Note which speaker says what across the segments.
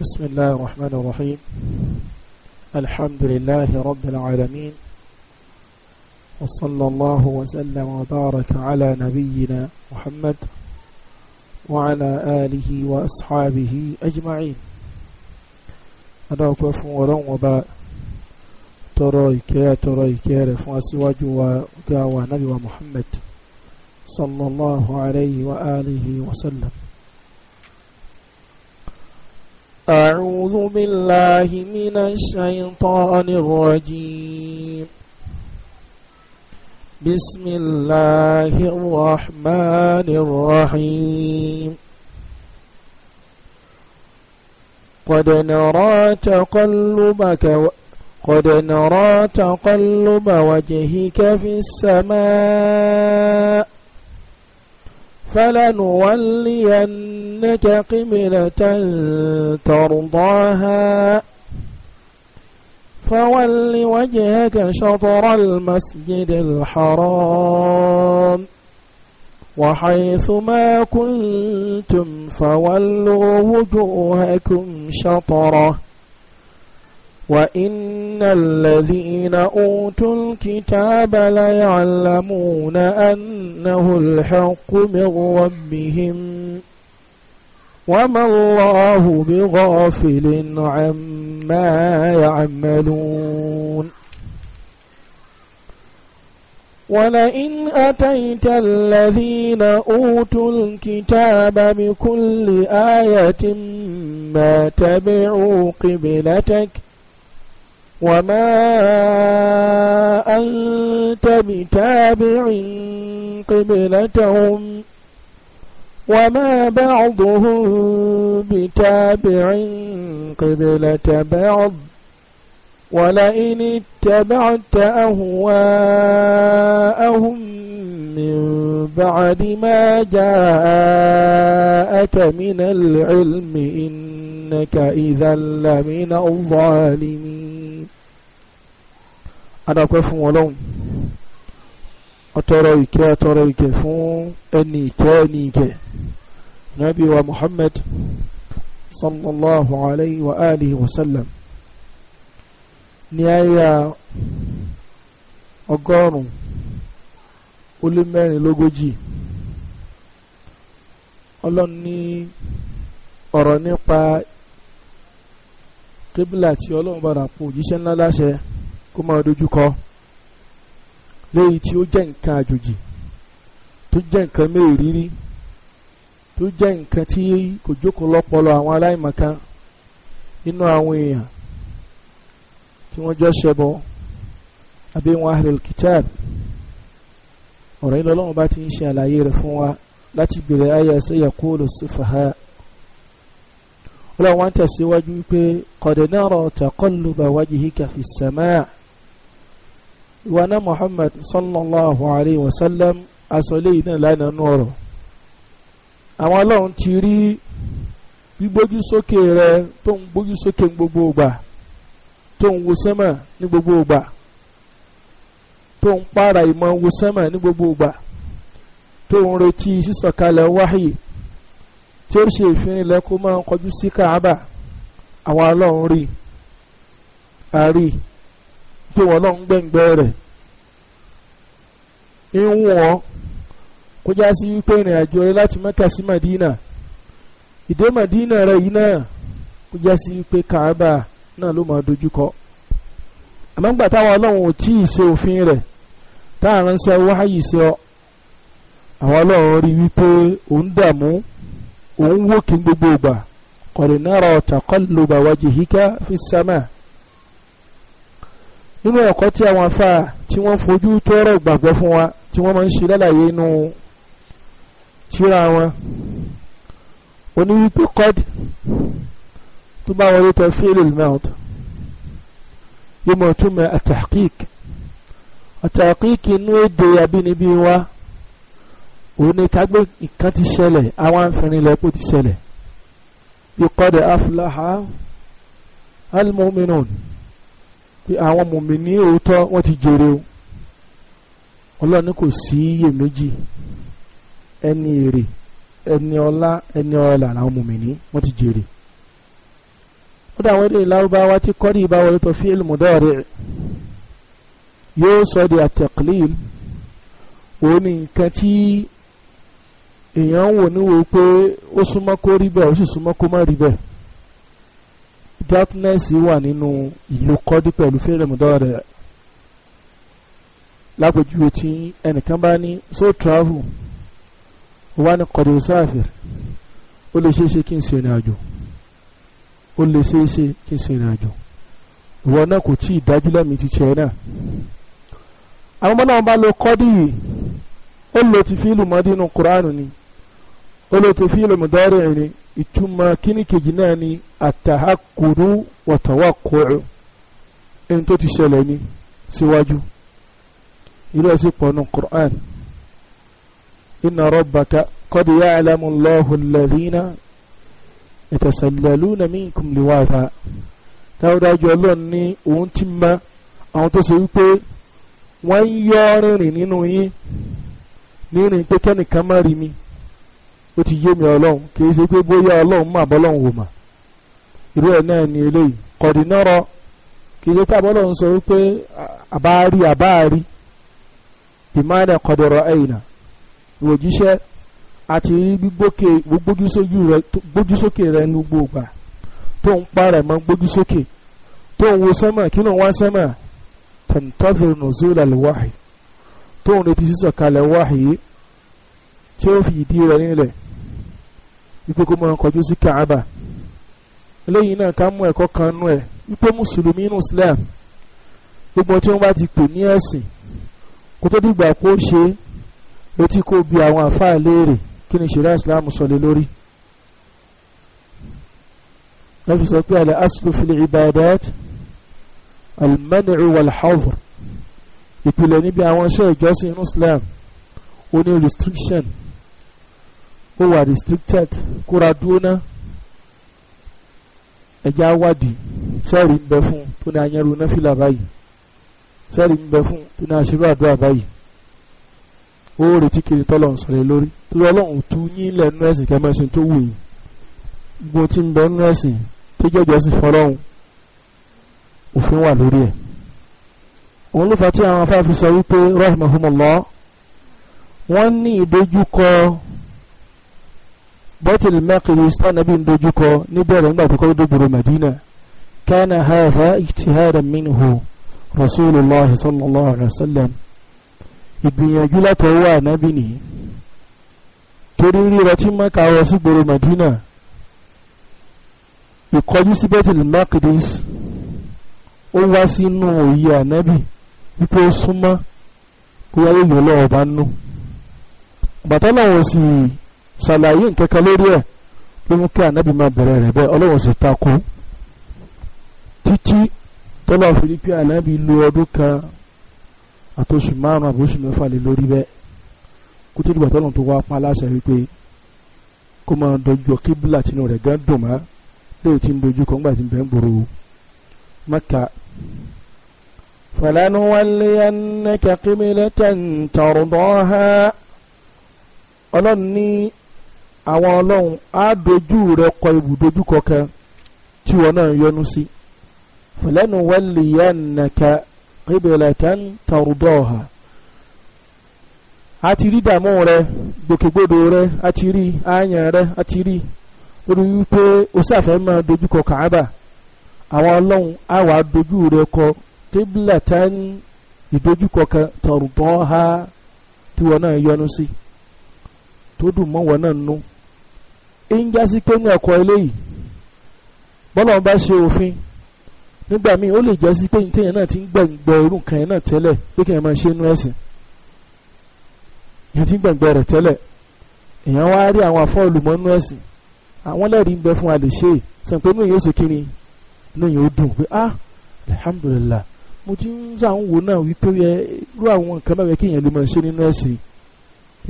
Speaker 1: بسم الله الرحمن الرحيم الحمد لله رب العالمين وصلى الله وسلم وبارك على نبينا محمد وعلى آله وأصحابه أجمعين أكف فورا وباء ترويك يا ترويك يا رفواسواج وكاوى نبي ومحمد صلى الله عليه وآله وسلم أعوذ بالله من الشيطان الرجيم بسم الله الرحمن الرحيم قد نرى تقلبك و... قد نرى تقلب وجهك في السماء فلنولينك قبلة ترضاها فول وجهك شطر المسجد الحرام وحيث ما كنتم فولوا وجوهكم شطره وَإِنَّ الَّذِينَ أُوتُوا الْكِتَابَ لَيَعْلَمُونَ أَنَّهُ الْحَقُّ مِنْ رَبِّهِمْ وَمَا اللَّهُ بِغَافِلٍ عَمَّا يَعْمَلُونَ ولئن أتيت الذين أوتوا الكتاب بكل آية ما تبعوا قبلتك وما أنت بتابع قبلتهم وما بعضهم بتابع قبلة بعض ولئن اتبعت أهواءهم من بعد ما جاءك من العلم إنك إذا لمن الظالمين adapẹ fún wọn lọhùn ọtọrọ ìkẹ́ ọtọrọ ìkẹ́ fún ẹni ìkẹ́ ẹni ìkẹ́ nabi wa muhammad sallallahu alayhi wa alihi wa sallam ní àyà ọgọ́rùn ó lé mẹ́rin lógójì ọlọ́run ní ọ̀rọ̀ nípa kíbílà tí ọlọ́run bára pò jíṣẹ́ ńlá láṣẹ kó máa dojú kọ léyìí tí ó jẹ́ nǹkan àjòjì tó jẹ́ nǹkan mérìírí tó jẹ́ nǹkan tí kò jókòó lọ́pọlọ àwọn aláìmọ̀kan nínú àwọn èèyàn tí wọ́n jọ ṣẹbọ àbí wọn ahlul kitab ọ̀rọ̀ yìí lọ́lọ́run bá ti ń ṣe àlàyé rẹ̀ fún wa láti bèrè ayé ẹsẹ̀ yaqulu sufaha ọlọ́run wá tẹ̀síwájú pé qad nara taqalluba wajhika fis samaa ìwàna Muhammad sallallahu alayhi wa sallam asọ̀lẹ̀ yìí náà lánàá nù ọ̀rọ̀ àwọn ọlọ́run ti rí gbígbójú sókè rẹ tó ń gbójú sókè ní gbogbo ògbà tó ń wo sẹ́mà ní gbogbo ògbà tó ń para ìmọ̀ wo ní gbogbo ògbà tó ń retí sísọ̀kalẹ̀ wáhì tí ó ṣe ìfinilẹ̀ kó máa ń kọjú sí Káàbà àwọn ọlọ́run rí a rí i. pé wọn náà ń gbẹ̀ngbẹ́ rẹ̀ ń wọ́n kó já sí wípé ìrìn àjò láti sí Madina ìdè Madina yìí náà kó já Kaaba náà ló máa dojúkọ àmọ́ táwọn ọlọ́run ò tí ì ṣe òfin rẹ̀ táwọn wáyé ọ àwọn ọlọ́run rí wípé òun dààmú òun gbogbo ìgbà kọ̀rìnàrà taqalluba wajhika nínú ẹ̀kọ́ tí àwọn afá tí wọ́n fojú tọ́rọ̀ gbàgbọ́ fún wa tí wọ́n máa ń ṣe lálàyé inú tíra wọn oníwípé kọ́d tó bá wọlé tọ́ fílìl mount yóò mọ̀ túmọ̀ àtàkìk àtàkìk inú èdè abínibí wa òun ni kágbé nǹkan ti ṣẹlẹ̀ àwọn àǹfààní lẹ́pọ̀ ti ṣẹlẹ̀ bí kọ́d afúláhà almuminun pé àwọn mùmíní òótọ́ wọ́n ti jèrè o ọlọ́ọ̀ni kò sí iyèméjì ẹni èrè ẹni ọlá ẹni ọlà làwọn mùmíní wọ́n ti jèrè ó dà wọ́n lè lárúbáwá tí kọ́rí ìbáwọlé tó fi ìlmùdọ́ọ̀rẹ́ yóò sọ di àtẹ̀kìlìl òun ni nǹkan tí èèyàn ń wò níwò pé ó súnmọ́ kó rí bẹ́ẹ̀ ó sì súnmọ́ kó má rí bẹ́ẹ̀ darkness wà nínú ìlú kọ́dí pẹ̀lú fẹ́rẹ̀mùdọ́rà rẹ̀ lápèjúwe tí ẹnìkan bá ní so travel wà ní kọ̀dọ̀ sáfìr ó lè ṣeéṣe kí n ṣe ìrìn àjò ó lè ṣeéṣe kí n ṣe ìrìn àjò ìwọ náà kò tí ì dájú lẹ́mìí ti tiẹ̀ náà àwọn ọmọ náà bá lo kọ́dí yìí ó lè ti fíìlù mọ́dínú kuránù ni ó lè ti fíìlù mùdọ́rà ni ìtumọ̀ kíní kejì náà ni àtàhákùrú wọ̀tàwákùrú ẹni tó ti ṣẹlẹ̀ ní síwájú ilé ẹ̀sìn pọ̀nù Qur'an inna rabbaka qad ya'lamu Allahu alladhina yatasallaluna minkum liwatha dáwọ́dájú ọlọ́run ní òun ti mọ àwọn tó ṣe wípé wọ́n yọ rìnrìn nínú yín nírìn pé kẹ́nìkan má rí mi ó ti yé mi ọlọ́run kì í ṣe pé bóyá ọlọ́run mà bọ́lọ́run wò mà irú ẹ̀ náà ni eléyìí kọ̀dínọ́rọ̀ kì í ṣe pé abọ́lọ́run sọ wípé àbáárí àbáárí ìmáàdà kọ̀dọ̀rọ̀ ẹ̀yìnà ìwòjíṣẹ́ àti gbígbókè gbójúsókè rẹ nu gbogbo tó ń parẹ̀ mọ́ gbójúsókè tó ń wo sẹ́mà kí ló ń wá sẹ́mà tẹ̀ntọ́fẹ̀ nùzúlà lẹ́wàhì tó ń retí sísọ̀kalẹ̀ wáhì tí ó fi ìdí rẹ̀ nílẹ̀ wípé kó máa kọjú sí Kaaba lẹ́yìn náà ká mú ẹ̀kọ́ kan nú ẹ̀ wípé mùsùlùmí inú Islam gbogbo tí wọ́n bá ti pè ní ẹ̀sìn kó tó dìgbà kó ṣe etí kó bi àwọn àfáà léèrè kí ni ṣẹ̀ríà Islam sọ lé lórí lọ́fi sọ pé àlẹ́ aslu fil ibadat al-man'u ìpìlẹ̀ níbi àwọn iṣẹ́ ìjọsìn inú Islam ó ní restriction ó wà restricted kóra dúró náà ẹja wádìí sẹ́ẹ̀rì ń bẹ fún tó ní ayẹ́rù náfìlà báyìí sẹ́ẹ̀rì ń bẹ fún tó ní àṣírí àdúrà báyìí ó retí kiri tọ́lọ̀ ń sọ̀rọ̀ lórí torí ọlọ́run tú yín lẹ́nu ẹ̀sìn kẹ́mẹ́sìn tó wù yín gbogbo tí ń bẹ nínú ẹ̀sìn tó jẹ́jọ́ sí fọlọ́run òfin wà lórí ẹ̀ òun ló fà tí àwọn afáfi sọ wípé rahmahumullah wọ́n ní ìdojúkọ bọ́tìlì Maqdis tánàbí ń dojúkọ níbẹ̀rẹ̀ nígbà tó kọ́ dóbòrò Madina kana hadha ijtihadan minhu rasulillah sallallahu alaihi wa sallam ìgbìyànjú látọwọ́ ànábì nìyí torí ríra tí Mákà wọ sí gbòòrò Madina ìkọjú sí bẹ́tìlì Maqdis ó wá sínú òye ànábì wípé ó súnmọ́ bóyá yóò lọ́wọ́ bá nú bàtà làwọn sì ṣàlàyé nkẹ́kẹ́ lórí ẹ̀ ló mú kí ànábì máa bẹ̀rẹ̀ rẹ̀ bẹ́ẹ̀ ọlọ́run sì takò títí tọ́lá fi rí pé ànábì lo ọdún kan àtòsù márùn àbòsù mẹ́fà lé lórí bẹ́ẹ̀ kó tó dìgbà tọ́lọ́run tó wá pa aláṣẹ wípé kó máa dojú kíbílà tinú rẹ̀ gán dùn mọ́ léyìí tí ń dojú kọ́ ńgbà tí ń bẹ́ ń gbòòrò Mẹ́kà. فلنولينك قبلة ترضاها ọlọ́run ní àwọn ọlọ́run á dojú rẹ kọ ibùdójúkọ kan tí wọn náà yọnu sí fẹlẹ́nu wẹ́lì yẹn nàkà qiblatan tardaha a ti rí dààmú rẹ gbòkègbodò rẹ a ti rí àyàn rẹ a ti rí lórí wípé o sáfẹ́ máa dojúkọ kàába àwọn ọlọ́run á wàá dojú rẹ kọ qiblatan ìdojúkọ kan tardaha tí wọn náà yọnu sí tó dùn mọ́ wọn náà nú. No ń jásí pé ní ẹ̀kọ́ eléyìí bọ́lá bá ṣe òfin nígbà míì ó lè jásí pé téèyàn náà ti ń gbẹ̀ngbẹ̀ irú nǹkan yẹn náà tẹ́lẹ̀ pé kí èèyàn máa ṣe inú ẹ̀sìn èèyàn ti ń gbẹ̀ngbẹ̀ rẹ̀ tẹ́lẹ̀ èèyàn wá rí àwọn afọ́ọ̀lùmọ́ inú ẹ̀sìn àwọn lẹ́rìí ń bẹ fún alẹ́ ṣe sàn pé inú yóò ṣe kiri inú yóò dùn pé ah alhamdulillah mo ti ń sàn wò náà wípé irú àwọn nǹkan bẹ́ẹ̀ kí èèyàn lè máa ṣe nínú ẹ̀sìn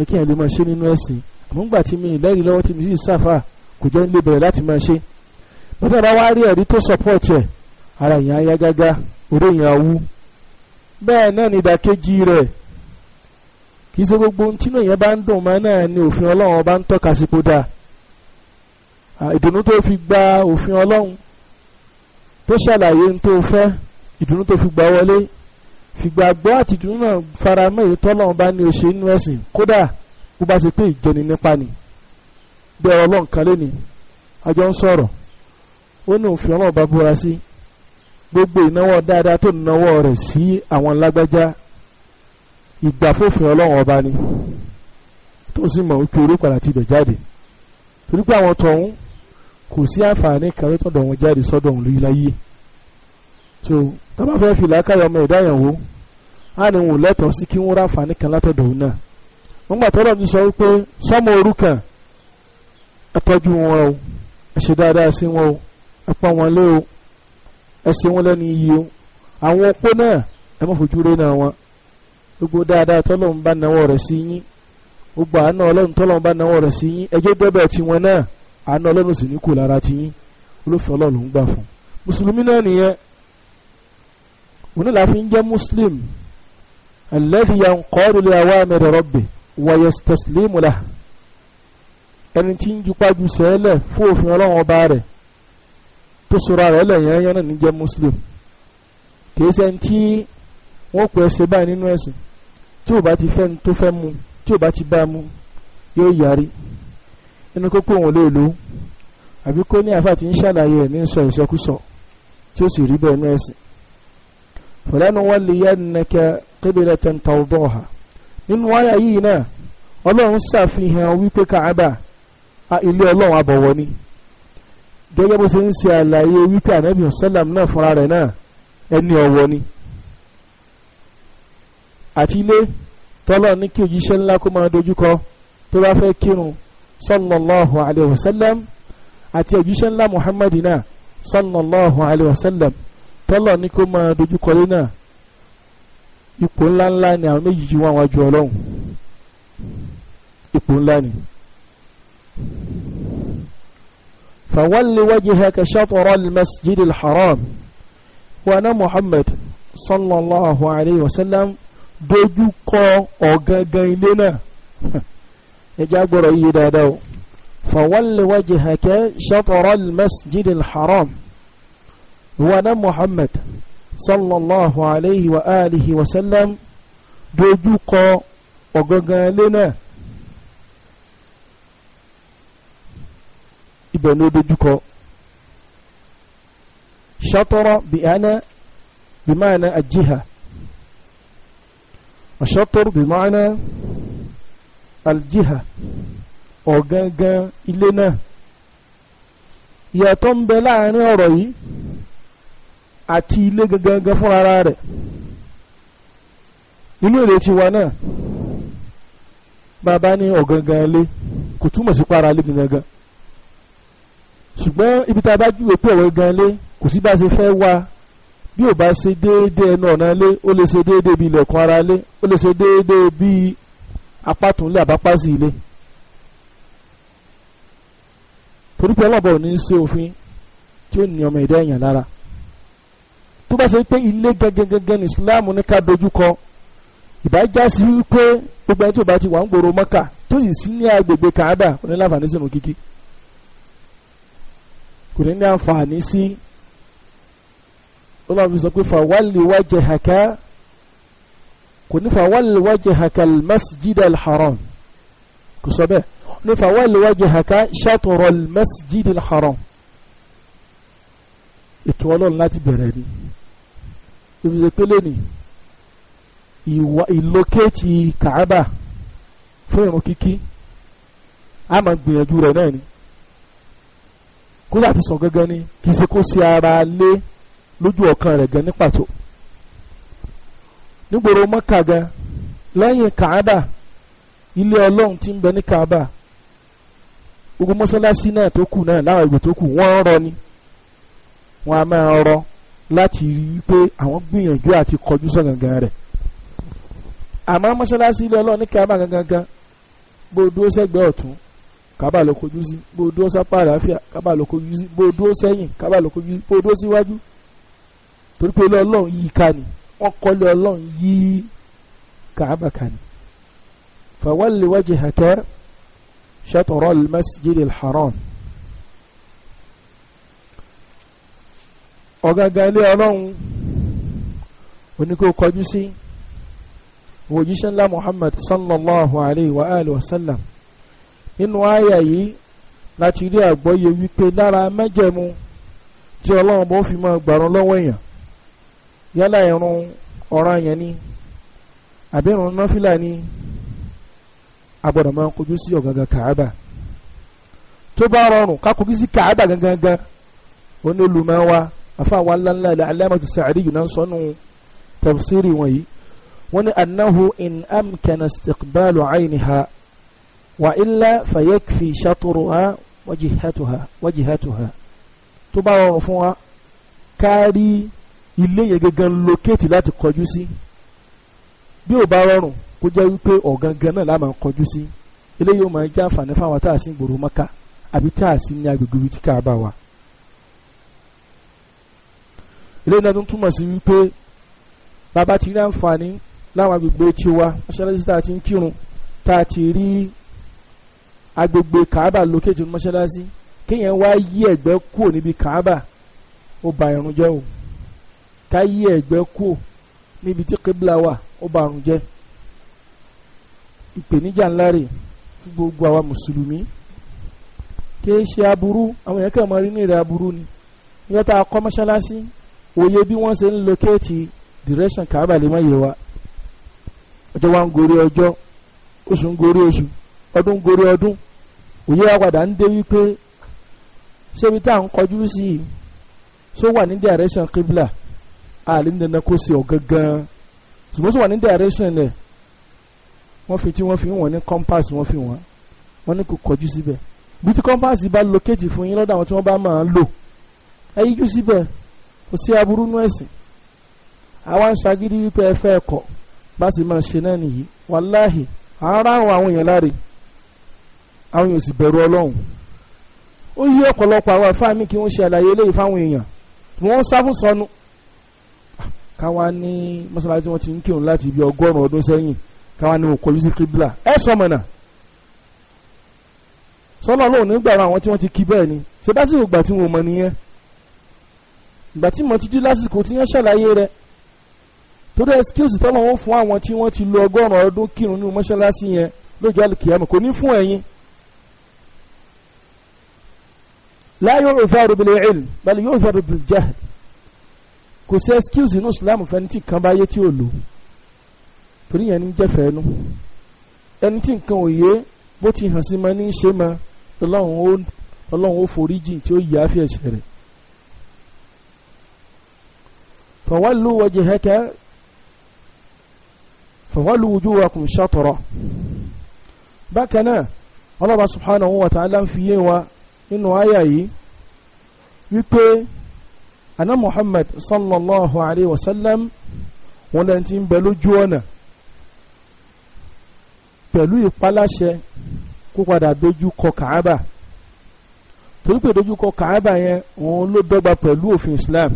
Speaker 1: kí èèyàn lè máa ṣe nínú ẹ̀sìn àmúgbà tí mi lẹ́rìí lọ́wọ́ tí mi sì sáfà kò jẹ́ nílé bẹ̀rẹ̀ láti máa ṣe bàbá bá wá rí ẹ̀rí tó sọpọ́ọ̀tì ẹ̀ ara èèyàn ayá gágá orí èèyàn awú bẹ́ẹ̀ náà ni ìdàkejì rẹ̀ kì í ṣe gbogbo ohun tínú èèyàn bá ń dùn máa náà ni òfin ọlọ́run bá ń tọ́ka sí kó dáa ìdùnnú tó fi gba òfin ọlọ́run tó ṣàlàyé ohun tó fẹ́ ìdùnnú tó fi gbà wọlé fìgbàgbọ́ àtìdùnnú náà faramọ́ bá ní òṣèlú ẹ̀sìn kódà bó bá ṣe pé ìjẹni nípa ni bí ọ̀rọ̀ ọlọ́run kan lẹ́ni àjọ ń sọ̀rọ̀ ó ní òfin ọlọ́run bá búra sí gbogbo ìnáwó dáadáa tó náwó rẹ̀ sí àwọn lágbájá ìgbàfófin ọlọ́run ọba ni tó sì mọ̀ wípé orí padà ti bẹ̀ jáde torí pé àwọn tọ̀hún kò sí àǹfààní kan tó tọ̀dọ̀ wọn jáde sọ́dọ̀ òun lórí láyé so tábà fẹ́ fi làákàyọ̀ ọmọ ẹ̀dá á ní wọn lẹ́tọ̀ọ́ sí kí wọ́n ráǹfààní kan látọ̀dọ̀ òun náà nígbà tó lọ́dún sọ wípé sọ́mọ òrukàn ẹ tọ́jú wọn o ẹ ṣe dáadáa sí wọn o ẹ pọ́n wọn lé o ẹ ṣe wọn lẹ́nu iyì o àwọn opó náà ẹ má fojú rẹ náà wọn gbogbo dáadáa tọ́lọ́run bá náwó rẹ̀ sí yín gbogbo àánú ọlọ́run tọ́lọ́run bá náwó rẹ̀ sí yín ẹjẹ́ dẹ́bẹ̀ tiwọn náà àánú ọlọ́run sì ní kù lára ti yín olófin ọlọ́run ń gbà fún mùsùlùmí náà nìyẹn onílàáfíà ń jẹ́ muslim alladhi yanqadu li awamir rabbih wọ̀yẹ̀stẹ̀sílẹ̀mùlà ẹni tí ń jupájú sẹ́lẹ̀ fún òfin ọlọ́run ọba rẹ̀ tó sora rẹ̀ lẹ́yìn ẹyẹ náà níjẹ́ muslim kìí ṣe ẹni tí wọ́n pè é ṣe báyìí nínú ẹ̀sìn tí ò bá ti fẹ́ tó fẹ́ mu tí ò bá ti bá mu yóò yarí inú kókó òun lè lò ó àbí kó ní àfa ti ń ṣàlàyé ẹ̀ ní sọ ìsọkúsọ tí ó sì rí bẹ́ẹ̀ nú ẹ̀sìn. fọlẹ́nu wọn lè yá nìkẹ́ kébìlẹ̀ tẹ̀ ọ̀hà nínú wáyà yìí náà ọlọ́run ṣàfihàn wípé káàbà ilé ọlọ́run abọ̀wọ̀ ni gẹ́gẹ́ bó ṣe ń ṣe àlàyé wípé ànábì sálàm náà fúnra rẹ̀ náà ẹni ọ̀wọ̀ ni àti ilé tọ́lọ̀ ní kí òjíṣẹ́ ńlá kó máa dojúkọ tó bá fẹ́ kírun sallallahu alayhi wa sallam àti òjíṣẹ́ ńlá muhammadu náà sallallahu alayhi wa sallam tọ́lọ̀ ní kó máa dojúkọ lé náà ipò ńláńlá ni àwọn méjì wà wájú ọlọ́run ipò ńlá ni. فول وجهك شطر المسجد الحرام وانا محمد صلى الله عليه وسلم dojú kọ ọ̀gangan ilé náà ẹjá gbọ́rọ̀ yìí dáadáa فول وجهك شطر المسجد الحرام وانا محمد صلى الله عليه وآله وسلم دوجوكا وغغالنا إبنو دوجوكا شطر بأنا بمعنى الجهة الشطر بمعنى الجهة وغغالنا يا تنبلاني رأي àti ilé gangan fún ara rẹ̀ nínú èdè tiwa náà bàbá ní ọ̀gangan ilé kò túmọ̀ sí para ilé gangan ṣùgbọ́n ibi tá a bá júwe pé ọ̀gangan ilé kò sí bá a ṣe fẹ́ wá bí ò bá ṣe déédéé ẹnu ọ̀nà ilé ó lè ṣe déédéé bí ilẹ̀kùn ara ilé ó lè ṣe déédéé bí apátúnlé àbápásí ilé torí ọlọ́bọ̀ ò ní í ṣe òfin tí ó ní ọmọ ìdá lára tó bá ṣe pé ilé gẹ́gẹ́gẹ́gẹ́ ní islam ní ká dojúkọ ìbájá sí wípé gbogbo ẹni tí ò bá ti wà ń gbòòrò mọ́kà tó yìí sí ní agbègbè kàádà kò ní láǹfààní sínú kíkí kò ní láǹfààní sí ọlọ́run fi sọ pé fàwálì wájẹ kò ní fàwálì wájẹ masjid alharam kò sọ bẹ́ẹ̀ ní fàwálì wájẹ hàkà masjid alharam ètò ọlọ́run láti bẹ̀rẹ̀ ni tó fi ṣe pé lè ní ìwà ìlókèétì kàábà fún ìrun kíkí a máa gbìyànjú rẹ̀ náà ni kó láti sọ gángan ni kì í ṣe kó ṣe ara lé lójú ọkàn rẹ̀ gan ní pàtó nígboro mọ́kà gan lẹ́yìn kàábà ilé ọlọ́run tí ń bẹ ní kàábà gbogbo mọ́sálásí náà tó kù náà láwọn ìgbò tó kù wọ́n rọ ni wọ́n a máa rọ láti rí i pé àwọn gbìyànjú àti kọjú sọ gangan rẹ̀ àmọ́ mọ́ṣáláṣí ilé ọlọ́run ní kábà gangan gan bó o dúró sẹ́gbẹ́ ọ̀tún kábà ló kojú sí bó o dúró sápá àlàáfíà kábà ló kojú sí bó o dúró sẹ́yìn kábà ló kojú sí bó o dúró síwájú torí pé ilé ọlọ́run yí ká ni wọ́n kọ́lé ọlọ́run yí kábà ká ni. fawalli wajhaka shatral masjidil haram ọ̀gága ilé ọlọ́run oníkó kọjú sí òjíṣẹ́ ńlá Muhammad sallallahu alayhi wa alihi wa sallam nínú àyà yìí láti rí àgbọ́yé wípé lára mẹ́jẹ̀mú tí ọlọ́run bó fi máa gbàrún lọ́wọ́ èèyàn yálà ìrun ọ̀ràn yẹn ni àbí ìrun náfìlà ni agbọ́dọ̀ máa kojú sí ọ̀gága kàábà tó bá rọrùn ká sí kàábà gangan gan onílùmọ̀ wa afa wa ńláńlá ilẹ̀ alámàtú sàárì yìí náà sọnù tafsiri wọn yìí wọn ni anahu in amkana istiqbalu ayniha wa illa fayekfi shaturuha wajihatuha wajihatuha tó bá rọrùn fún wa kárí ilé yẹn gangan lókèétì láti kọjú sí bí ò bá rọrùn kó jẹ́ wípé ọ̀gangan náà la máa kọjú sí eléyìí ó máa jẹ́ àǹfààní fáwọn tá a gbòòrò mọ́ká àbí tá a ní agbègbè ibi tí bá wa ilé iná tó ń túmọ̀ sí wípé bàbá ti rí àǹfààní láwọn agbègbè tí wa mọ́ṣáláṣí tá a ti ń kírun tá a ti rí agbègbè kàábà lókèjì mọ́ṣáláṣí kéèyàn wá yí ẹ̀gbẹ́ kúò níbi kàábà ó ba irun jẹ́ o ká yí ẹ̀gbẹ́ kúò níbi tí kébìlà wà ó ba irun jẹ́ ìpèníjà ńlá rè fún gbogbo àwa mùsùlùmí kì ṣe aburú àwọn èèyàn kàn máa rí ní ìrẹ̀ aburú ni nígbà tá a mọ́ṣáláṣí òye bí wọ́n ṣe ń locate direction kaaba lè má yé wa ọjọ́ wa ń gorí ọjọ́ oṣù ń gorí oṣù ọdún ń gorí ọdún òye wa padà ń dé wípé ṣébi tá à ń kọjú sí i ṣó wà ní direction qibla àlè ní dandan kó ṣe ọ̀gángan ṣùgbọ́n ṣó wà ní direction rẹ̀ wọ́n fi tí wọ́n fi wọ́n ní compass wọ́n fi wọ́n wọ́n ní kò kọjú síbẹ̀ bí tí compass bá locate fún yín lọ́dọ̀ àwọn tí wọ́n bá máa ń lò ẹ yíjú síbẹ̀ kò sí aburú nú ẹ̀sìn àwa ń ṣagídí wípé ẹ fẹ́ kọ̀ bá sì máa ṣe náà nìyí wàláhì à ń ráhùn àwọn èèyàn láre àwọn èèyàn sì bẹ̀rù ọlọ́run ó yí ọ̀pọ̀lọpọ̀ àwọn àfáà mi kí wọ́n ṣe àlàyé eléyìí fáwọn èèyàn wọ́n ń sá fún sọnù káwa ní mọ́sálásí wọn ti ń kírun láti ibi ọgọ́rùn-ún ọdún sẹ́yìn káwa ní òkòlù sí kíbla ẹ sọmọ̀nà sọlọ́ọ̀lọ́ọ̀ nígbà àwọn tí wọ́n ti kí bẹ́ẹ̀ ni ṣe dásìkò gbà tí wọ́n mọ nìyẹn ìgbà tí mo ti dí lásìkò tí wọ́n ṣàlàyé rẹ̀ torí ẹsikíwùsì tọ́lọ̀ wọn fún àwọn tí wọ́n ti lo ọgọ́rùn-ún ọdún kírun nínú mọ́ṣáláṣí yẹn lójú alùkìyàmù kò ní fún ẹ̀yin. láyé òfàrò bìlẹ̀ ẹ̀l balẹ̀ yóò fẹ́rẹ̀ bìlẹ̀ jáde kò sí ẹsikíwùsì inú ìsìlámù fẹ́ni tí kan bá yé tí ò lò torí yẹn ní jẹ́fẹ́ ẹni tí nǹkan ò yé bó ti hàn sí ma ní í ṣe ma ọlọ́run ó foríjì tí ó yẹ àfẹ́ ẹ̀ṣẹ̀ فولوا وجهك فولوا وجوهكم شطرة bákanáà Allah subhanahu wa ta'ala ń fi yé wa nínú àyà yìí wípé aná Muhammad sallallahu alayhi wa sallam wọn lẹ́yìn tí ń bẹ lójú ọ̀nà pẹ̀lú ìpaláṣẹ kó padà dojú kọ Kàábà torí pé dojú kọ Kàábà yẹn òun ló dọ́gba pẹ̀lú òfin Islam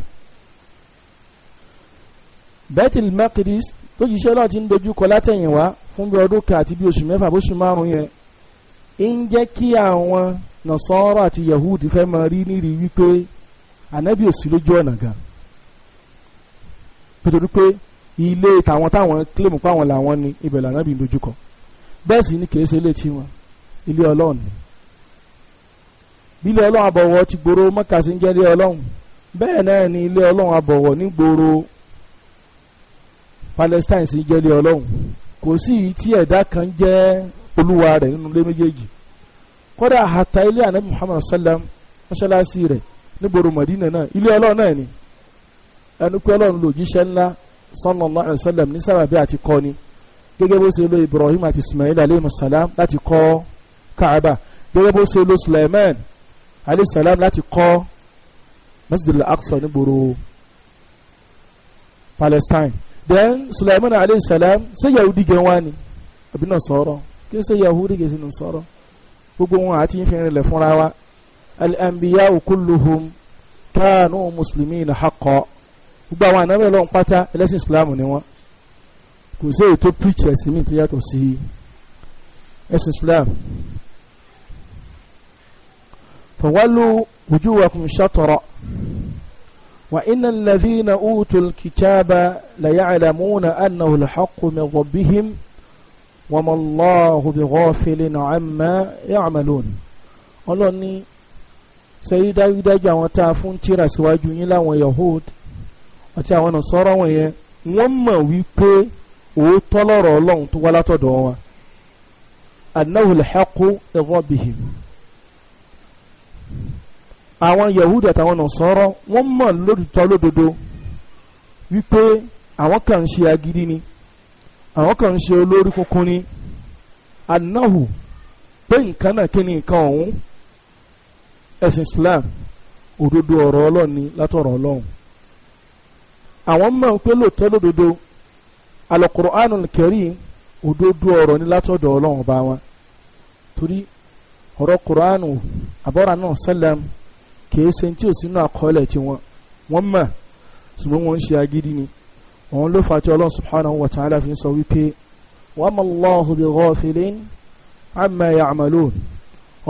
Speaker 1: Baitul Maqdis tó jíṣẹ́ náà ti ń dojúkọ látẹ̀yìnwá fún bí ọdún kan àti bí oṣù mẹ́fà bóṣù márùn yẹn ń jẹ́ kí àwọn Nasara àti Yahudi fẹ́ máa rí nírìí wípé ànábì ò sí lójú ọ̀nà gan nítorí pé ilé tàwọn táwọn kílèmù páwọn làwọn ni ibẹ̀ lànábì ń dojúkọ bẹ́ẹ̀ sì ni kìí ṣe ilé tiwọn ilé ọlọ́run ni bí ilé ọlọ́run àbọ̀wọ̀ ti gbòòrò mọ́kàsí ń jẹ́ ilé ọlọ́run bẹ́ẹ̀ náà ni ilé ọlọ́run àbọ̀wọ̀ ní gbòòrò Palestine sì ń jẹ́lé ọlọ́run kò sí ìyí tí ẹ̀dá kan jẹ́ olúwa rẹ̀ nínú ilé méjèèjì kódà hàtà ilé àná Muhammad sallam mọ́ṣáláṣí rẹ̀ nígboro Madina náà ilé ọlọ́run náà ni ẹnu pé ọlọ́run ló ńlá sallallahu alayhi wa sallam ní sábàbí àti kọ́ ni gẹ́gẹ́ bó ṣe lo Ibrahim àti Ismail aleyhi salam láti kọ́ Kaaba gẹ́gẹ́ bó ṣe lo Sulaiman aleyhi salam láti kọ́ Masjid al-Aqsa nígboro Palestine then Sulaiman alayhi salam ṣé yahudi gẹ̀ wá ni àbí Nasara kí ṣe yahudi gẹ̀ sí Nasara gbogbo wọn àti ìfìrin lẹ̀ fúnra wa al-anbiya'u kulluhum kanu muslimina haqqan gbogbo àwọn ànábì Ọlọ́run pátá ẹlẹ́sìn Islam ni wọ́n kò sí èyí tó preach ẹ̀sìn mi tó yàtọ̀ sí ẹ̀sìn Islam fawallu wujuhakum shatara. وإن الذين أوتوا الكتاب ليعلمون أنه الحق من ربهم وما الله بغافل عما يعملون Ọlọ́run ní ṣèyí dájúdájú àwọn tá a fún tírà síwájú yín láwọn Yahud àti àwọn Nasara wọn yẹn wọ́n mọ̀ wípé òótọ́ lọ́rọ̀ Ọlọ́run tó wá látọ̀dọ̀ wọn annahu al-haqqu min rabbihim àwọn yahudi àtàwọn nọ̀sọ́rọ́ wọ́n mọ̀ lóòótọ́ lódodo wípé àwọn kan ń ṣe agídí ni àwọn kan ń ṣe olórí kunkun ni anahu pé nǹkan náà kí ni nǹkan ọ̀hún ẹ̀sìn islam òdodo ọ̀rọ̀ ọlọ́run ni látọ̀rọ̀ ọlọ́run àwọn mọ̀ pé lóòótọ́ lódodo alukur'anul karim òdodo ọ̀rọ̀ ni látọ̀dọ̀ ọlọ́run ọba wọn torí ọ̀rọ̀ kur'anu àbọ̀rọ̀ náà sẹ́lẹ̀mù kìí ṣe tí ò sínú àkọọ́lẹ̀ tí wọ́n wọ́n mọ̀ ṣùgbọ́n wọ́n ń ṣe agídí ni òun ló fà tí ọlọ́run subhanahu wa ta'ala fi ń sọ wípé wa ma Allahu bi ghafilin amma ya'malun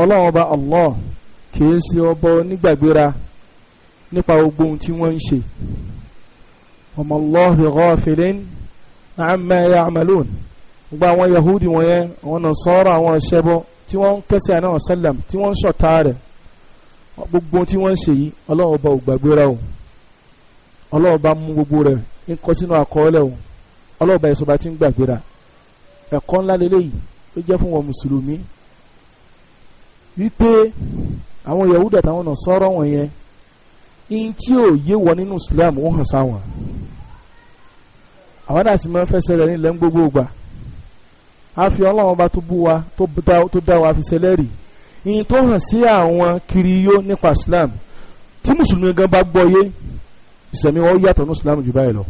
Speaker 1: ọlọ́run ọba allah kìí ṣe ọba onígbàgbéra nípa gbogbo ohun tí wọ́n ń ṣe wa ma Allahu bi ghafilin amma ya'malun gba àwọn yahudi wọ̀nyẹn àwọn nasara àwọn aṣẹbọ tí wọ́n ń àná gbogbo tí wọ́n ń ṣe yìí ọlọ́run ọba ò gbàgbéra o ọlọ́run ọba mú gbogbo rẹ̀ ń kọ́ sínú àkọọ́lẹ̀ o ọlọ́run ọba ìsọba ti ń gbàgbéra ẹ̀kọ́ ńlá lélẹ́yìí ló jẹ́ fún wọn mùsùlùmí wípé àwọn yahudu àtàwọn náà sọ̀rọ̀ wọn yẹn in tí ò yé wọ nínú islam ó hàn sáwọn àwọn náà sì máa ń fẹsẹ̀ rẹ̀ nílẹ̀ ń gbogbo gbà á fi ọlọ́run ọba tó bú wa tó dá wa fi ṣẹlẹ́rìí yìí tó hàn sí àwọn kiriyó nípa islam tí mùsùlùmí gan bá gbọ́yé ìsẹ̀mí wọn yàtọ̀ ní islam jù báyìí lọ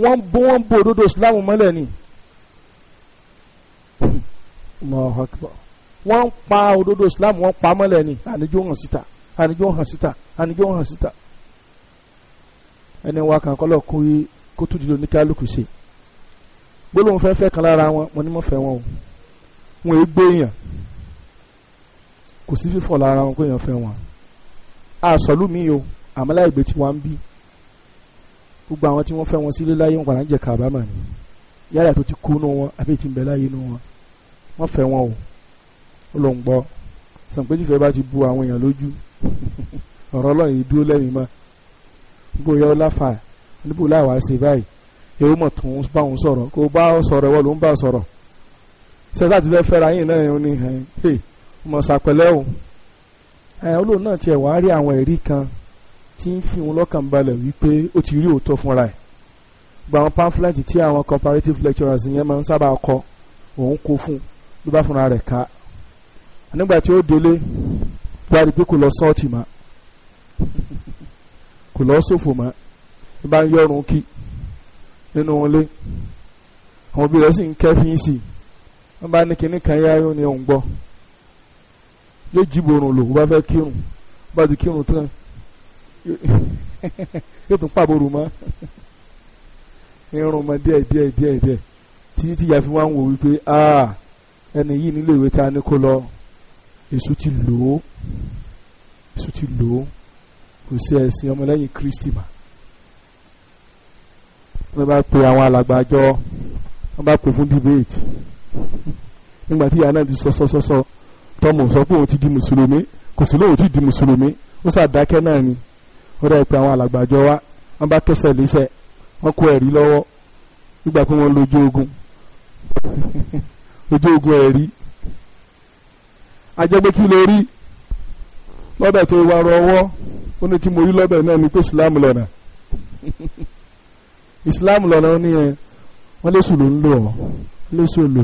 Speaker 1: wọ́n bó wọ́n bó òdodo islam mọ́lẹ̀ ni wọ́n pa òdodo islam wọ́n pa mọ́lẹ̀ ni àníjó hàn síta àníjó hàn síta àníjó hàn síta ẹni wa kan kọ́lọ̀ kó tó di lóníkálukú ṣe gbólóhùn fẹ́fẹ́ kan lára wọn mo ní mo fẹ́ wọn o wọn è gbé èèyàn kò sí fífọ̀ lára wọn kó èèyàn fẹ́ wọn àṣọlù mi o àmọ́ láìgbé tí wọ́n ń bí gbogbo àwọn tí wọ́n fẹ́ wọn sílé láyé wọn padà ń jẹ kàbámà ni yálà tó ti kú nù wọn àbí tí ń bẹ láyé nù wọn wọ́n fẹ́ wọn o ó lọ ń gbọ́ sàǹpéjìfẹ́ bá ti bu àwọn èèyàn lójú ọ̀rọ̀ ọlọ́run yìí dúró lẹ́yìn mọ́ bóyá ọlá fà níbo láwa ṣe báyìí èèwọ̀ mọ̀ tó ń bá òun sọ̀rọ̀ kó bá sọ̀rọ̀ ìwọ ló ń bá sọ̀rọ̀ sẹ́sà ti fẹ́ fẹ́ra yín náà ẹ̀ ní ẹ̀ mọ̀ sàpẹ̀lẹ́ o ẹ̀ olóòórùn náà tiẹ̀ wá rí àwọn ẹ̀rí kan tí ń fi wọn lọ́kàn balẹ̀ wípé ó ti rí òótọ́ fúnra ẹ̀ gba àwọn pamphlet tí àwọn comparative lecturers yẹn máa ń sábà kọ òun kó fún ló bá fúnra rẹ̀ ká nígbà tí ó délé wá rí pé kò lọ sọ́ọ̀tì mọ́ kò lọ sófò mọ́ ní bá ń yọrùn kí nínú wọn àwọn òbí rẹ̀ sì ń kẹ́fín sí i wọ́n bá ní kinní kan yá yóò ní òun gbọ́ yóò jíbo òrùn lò wọ́n bá fẹ́ kírun bá ti kírun tán yóò tún pàbòrò mọ́ irun mọ́ díẹ̀ díẹ̀ díẹ̀ díẹ̀ títí tí ìyá fi wá ń wò wípé ẹni yìí nílé ìwé ta ni kó lọ èṣù ti lò ó èṣù ti lò ó kò sí ẹ̀sìn ọmọlẹ́yìn Kristi mà wọ́n bá pe àwọn alàgbàjọ wọ́n bá pè fún debate. nígbà tí ìyá náà ti sọ sọsọsọ tọmọ sọ pé òun ti di mùsùlùmí kò sí lóun ti di mùsùlùmí ó sà sàdákẹ́ náà ni ó dà pé àwọn alàgbàjọ wa wọ́n bá kẹsẹ̀ lẹ́sẹ̀ wọ́n kó ẹ̀rí lọ́wọ́ nígbà pé wọ́n lójú ogun ojú ogun ẹ̀rí ajẹ́gbé kí ló rí lọ́bẹ̀ tó wà rọ ọwọ́ ó ní tí mo rí lọ́bẹ̀ náà ni pé islam lọ́nà islam lọ́nà ó ní ẹ wọ́n lé sùn ló ń lò ọ́. lóṣòlòmí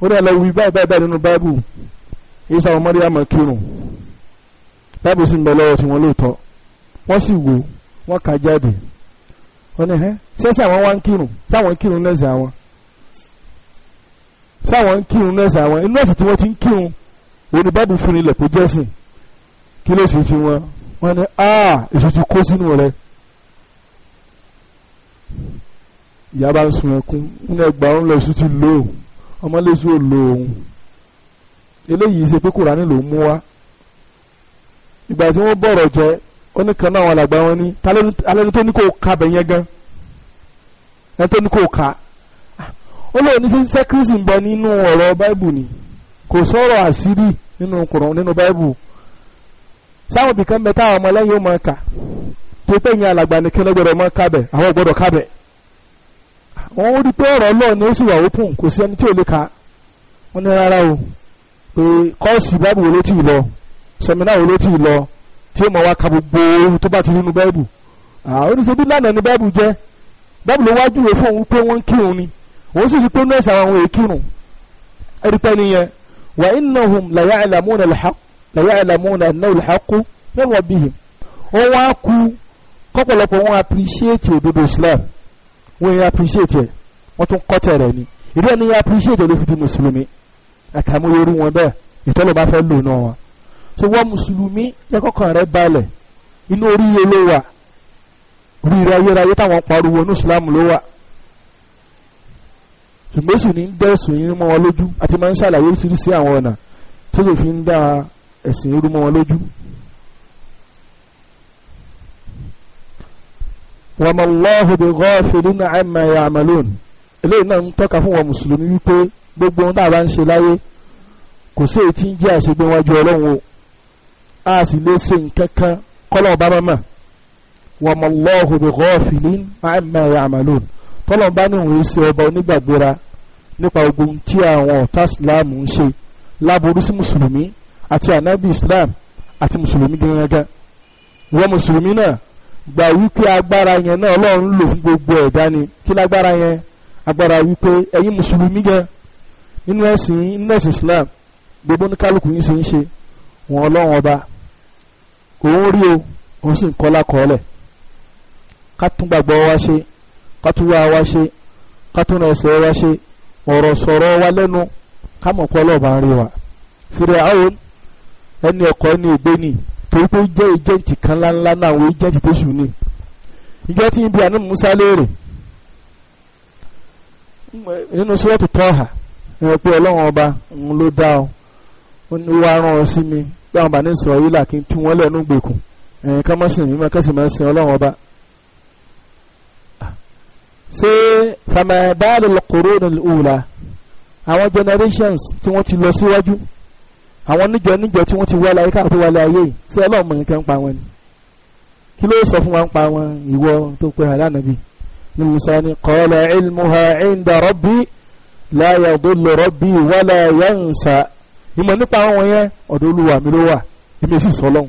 Speaker 1: ó dẹ̀ lọ wí báyìí báyìí nínú báíbù isa ọmọ Màríyámọ̀ kírun báíbù sì ń bẹ lọ́wọ́ tí wọ́n lóòótọ́ wọ́n sì wò wọ́n kà jáde wọ́n ní ẹ́ sẹ́sẹ́ àwọn wá ń kírun sáwọn ń kírun nẹ́ẹ̀sì àwọn sáwọn kírun nẹ́ẹ̀sì àwọn inú ẹ̀sìn tí wọ́n ti ń kírun òun ni báíbù fún ilẹ̀ kó jẹ́sìn kí ló sì ti wọn wọ́n ní ah èso ti kó sínú rẹ̀ ìyá bá ń sun ẹkún nínú ẹgbàá òun lọ́sùn ti lò ó ọmọlẹ́sùn ò lo òun eléyìí ṣe pé kùránì ló mú wá ìgbà tí wọ́n bọ̀rọ̀ jẹ́ ó ní kan náà àwọn àlàgbà wọn ní alẹ́ni tó ní kó ka bẹ̀ yẹn gan ẹni tó ní kó ka ó lóun ní sẹ́ kírísì ń bẹ nínú ọ̀rọ̀ báìbù ni kò sọ̀rọ̀ àṣírí nínú kùránì nínú báìbù sáwọn ibìkan bẹ táwọn ọmọlẹ́yìn ó máa kà tó pé ìyẹn àlàgbà nìkan lọ́gbọ̀dọ̀ máa kábẹ̀ àwọn gbọ́dọ̀ kábẹ̀ àwọn ó rí pé ọ̀rọ̀ náà ni ó sì wà open kò sí ẹni tí ò lè ka wọ́n ní rárá o pé kọ́ọ̀sì báìbù wo ló tì í lọ sẹ̀mínà wo ló tì í lọ tí ó mọ̀ wá ka gbogbo ohun tó bá ti rí inú báìbù àwọn oníṣẹ́ bí lánàá ni báìbù jẹ́ báìbù ló wájú rẹ̀ fún òun pé wọ́n ń kírun ni òun sì rí pé nọ́ọ̀sì àwọn òun èkírun ẹ̀rípẹ́ nìyẹn wà innahum laya'lamuna al-haqq laya'lamuna annahu al-haqqu min rabbihim wọn appreciate òdodo Islam wọ́n yẹn appreciate ẹ̀ wọ́n tún kọ́tẹ̀ rẹ̀ ni ìdí ẹni yẹn appreciate ẹ̀ ló fi di mùsùlùmí àtàwọn yorù wọn bẹ́ẹ̀ ìtọ́lọ̀ bá fẹ́ lò náà wọn. so wọ́n mùsùlùmí yẹ kọ́kàn rẹ̀ balẹ̀ inú oríire ló wà oríire ayérayé táwọn pariwo ní ìsìlámù ló wà ṣùgbọ́sù ní dẹ́sùn yín mọ́ wọn lójú àti máa ń ṣàlàyé oríṣiríṣi àwọn ọ̀nà tó sì fi ń dá ẹ̀sìn irú mọ́ wọn lójú wàmà lọ́hùn bí gọ́ọ̀fìrí náà ẹ̀ máa yà àmàlónì eléyìí náà ń tọ́ka fún wọn mùsùlùmí wípé gbogbo ohun tá a bá ń ṣe láyé kò sí èyí tí ń jẹ́ àṣegbé ọlọ́run o a sì lè ṣe nǹkan kan kọ́lọ́ ọba mọ́mọ́ wàmà lọ́hùn bí gọ́ọ̀fìrí náà ẹ̀ máa yà tọ́lọ̀ bá ní òun ṣe ọba onígbàgbéra nípa ogun tí àwọn ọ̀tá islam ń ṣe láboru sí mùsùlùmí àti ànábì islam àti mùsùlùmí gẹ́gẹ́ wọ́n mùsùlùmí náà gbà wípé agbára yẹn náà ọlọ́run lò fún gbogbo ẹ̀dá ni kí lágbára yẹn agbára wípé ẹ̀yin mùsùlùmí gan nínú ẹ̀sìn nínú ẹ̀sìn Islam gbogbo ní kálukú yín ṣe ń ṣe wọn ọlọ́run ọba òun rí o òun sì ń kọ́ lákọọ́lẹ̀ ká tún gbàgbọ́ wa ṣe ká tún wá wa ṣe ká tún ẹsẹ̀ wa ṣe ọ̀rọ̀ sọ̀rọ̀ wa lẹ́nu ká mọ̀ pé ọlọ́ọ̀bá ń rí wa fìrẹ̀ àwọn ẹni ọkọ ẹni ògbéni torí pé jẹ́ agent kan ńláńlá náà àwọn agent tó sùn ní ìjọ tí ń bi àná Musa léèrè nínú sọ́ọ̀tù tọ́hà ẹ pé ọlọ́run ọba òun ló dá ọ ní wàá rán ọ sí mi báwọn bá ní sọ yìí kí n tú wọn lẹ́nu gbèkùn ẹ̀yìn ká mọ́ sìn mí máa kẹ́sì sin ọlọ́run ọba. ṣé fàmà báàlì lọkùnrin òòlà àwọn generations tí wọ́n ti lọ síwájú. Si àwọn níjọ níjọ tí wọ́n ti wá láyé káàtó wálé ayé yìí ṣé ọlọ́mọ nǹkan ń pa wọn ni kí ló sọ fún wa ń pa wọn ìwọ tó pe àlànàbí ní musa ni qala ilmuha inda rabbi la yadullu rabbi wala yansa ìmọ̀ nípa àwọn yẹn ọ̀dọ̀ mi ló wà èmi sì sọ lọ́hùn.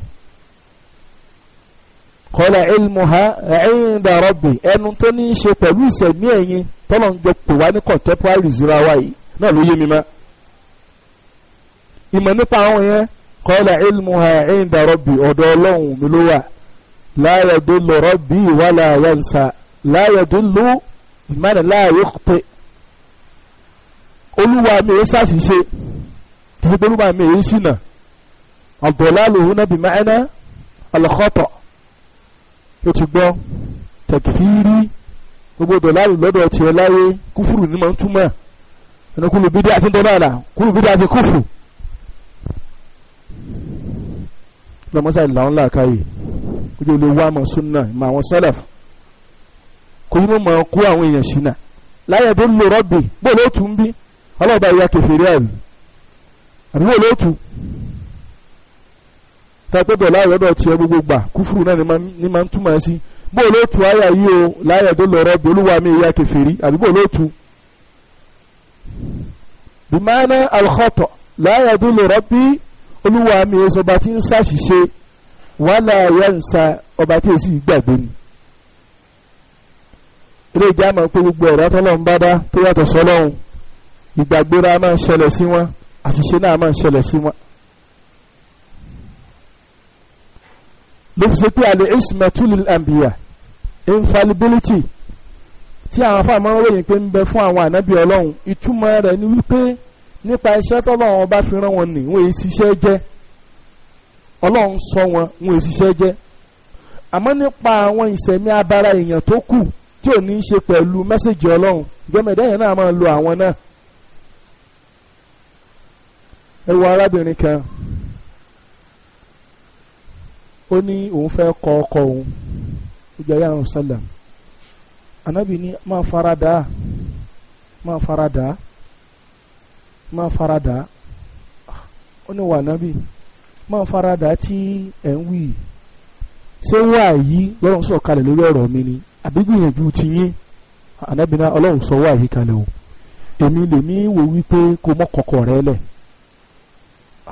Speaker 1: qala ilmuha inda rabbi ẹnu tó ní í ṣe pẹ̀lú ìṣẹ̀mí ẹ̀yìn tọ́lọ́ pè wá ní contemporary zira wa náà ló yé mi máa ìmọ̀ nípa àwọn yẹn kọ́lá ilmu ha inda rabbi ọ̀dọ̀ ọlọ́run mi ló wà la yadullu rabbi wala yansa la yadullu ìmọ̀nà la yukhti olúwa mi ẹ ṣàṣìṣe títí pé olúwa mi ẹ ṣìnà àbọ̀lálò hùnà bí ma'ana alọ́kọ́tọ̀ ó ti gbọ́ tẹ̀kìfìrí gbogbo dọ̀lálò lọ́dọ̀ tiẹ̀ láyé kúfùrù ni mo ń túmọ̀ ẹnu kúlù bídí àti dọ́là kúlù bídí àti kúfù. lọ́mọ́sá ìlànà làákàyè kójú olè wá mọ̀ súnà mọ̀ àwọn sálàf kójú mọ̀ mọ̀ kó àwọn èèyàn ṣìnà láyé tó lò rọ́bì bó ló tún bí ọlọ́ọ̀bá ìyá kẹfìrí àbí àbí bó ló tún tàbí bẹ́ẹ̀ láyé ọ̀dọ̀ tiẹ̀ gbogbo gbà kúfùrù náà ni máa ń túmọ̀ sí bó ló tún ayé ayé o láyé tó lò rọ́bì olúwa mi ìyá kẹfìrí àbí bó ló tún bí máa ná alxọ́tọ̀ láyé tó lò rọ́bì olúwa mi èso ọba tí ń ṣàṣìṣe wàhálà ẹ̀yà ń sa ọba tí èsì gbàgbé ni. ilé ìjà máa ń pé gbogbo ẹ̀rọ tọ́lọ́run bá dá tó yàtọ̀ sọ́lọ́run ìgbàgbéra máa ń ṣẹlẹ̀ sí wọn àṣìṣe náà máa ń ṣẹlẹ̀ sí wọn. ló fi ṣe pé àlè ismatu lil anbiya infallibility tí àwọn afáàmọ́ ròyìn pé ń bẹ fún àwọn ànábì ọlọ́run ìtumọ̀ rẹ̀ ni wípé nípa iṣẹ́ tọ́lọ́run bá fi rán wọn nì wọ́n èyí ṣiṣẹ́ jẹ́ ọlọ́run sọ wọn wọ́n èyí ṣiṣẹ́ jẹ́ àmọ́ nípa àwọn ìṣẹ̀mí abara èèyàn tó kù tí ò ní í ṣe pẹ̀lú mẹ́sẹ̀gì ọlọ́run gẹ́mẹ̀dẹ́yìn náà máa lo àwọn náà ẹ wo arábìnrin kan ó ní òun fẹ́ kọ ọkọ òun ojú ayé àrùn sálàm anábì ní máa farada máa farada máa faradà ó ní wà nábì máa faradà tí ẹ̀ ń wí ṣé wà yìí lọ́rùn sọ̀ kalẹ̀ lórí ọ̀rọ̀ mi ni àbí gbìyànjú ti yín ànábì náà ọlọ́run sọ wà yìí kalẹ̀ o èmi lèmi wò wípé kó mọ́ kọ̀kọ̀ rẹ lẹ̀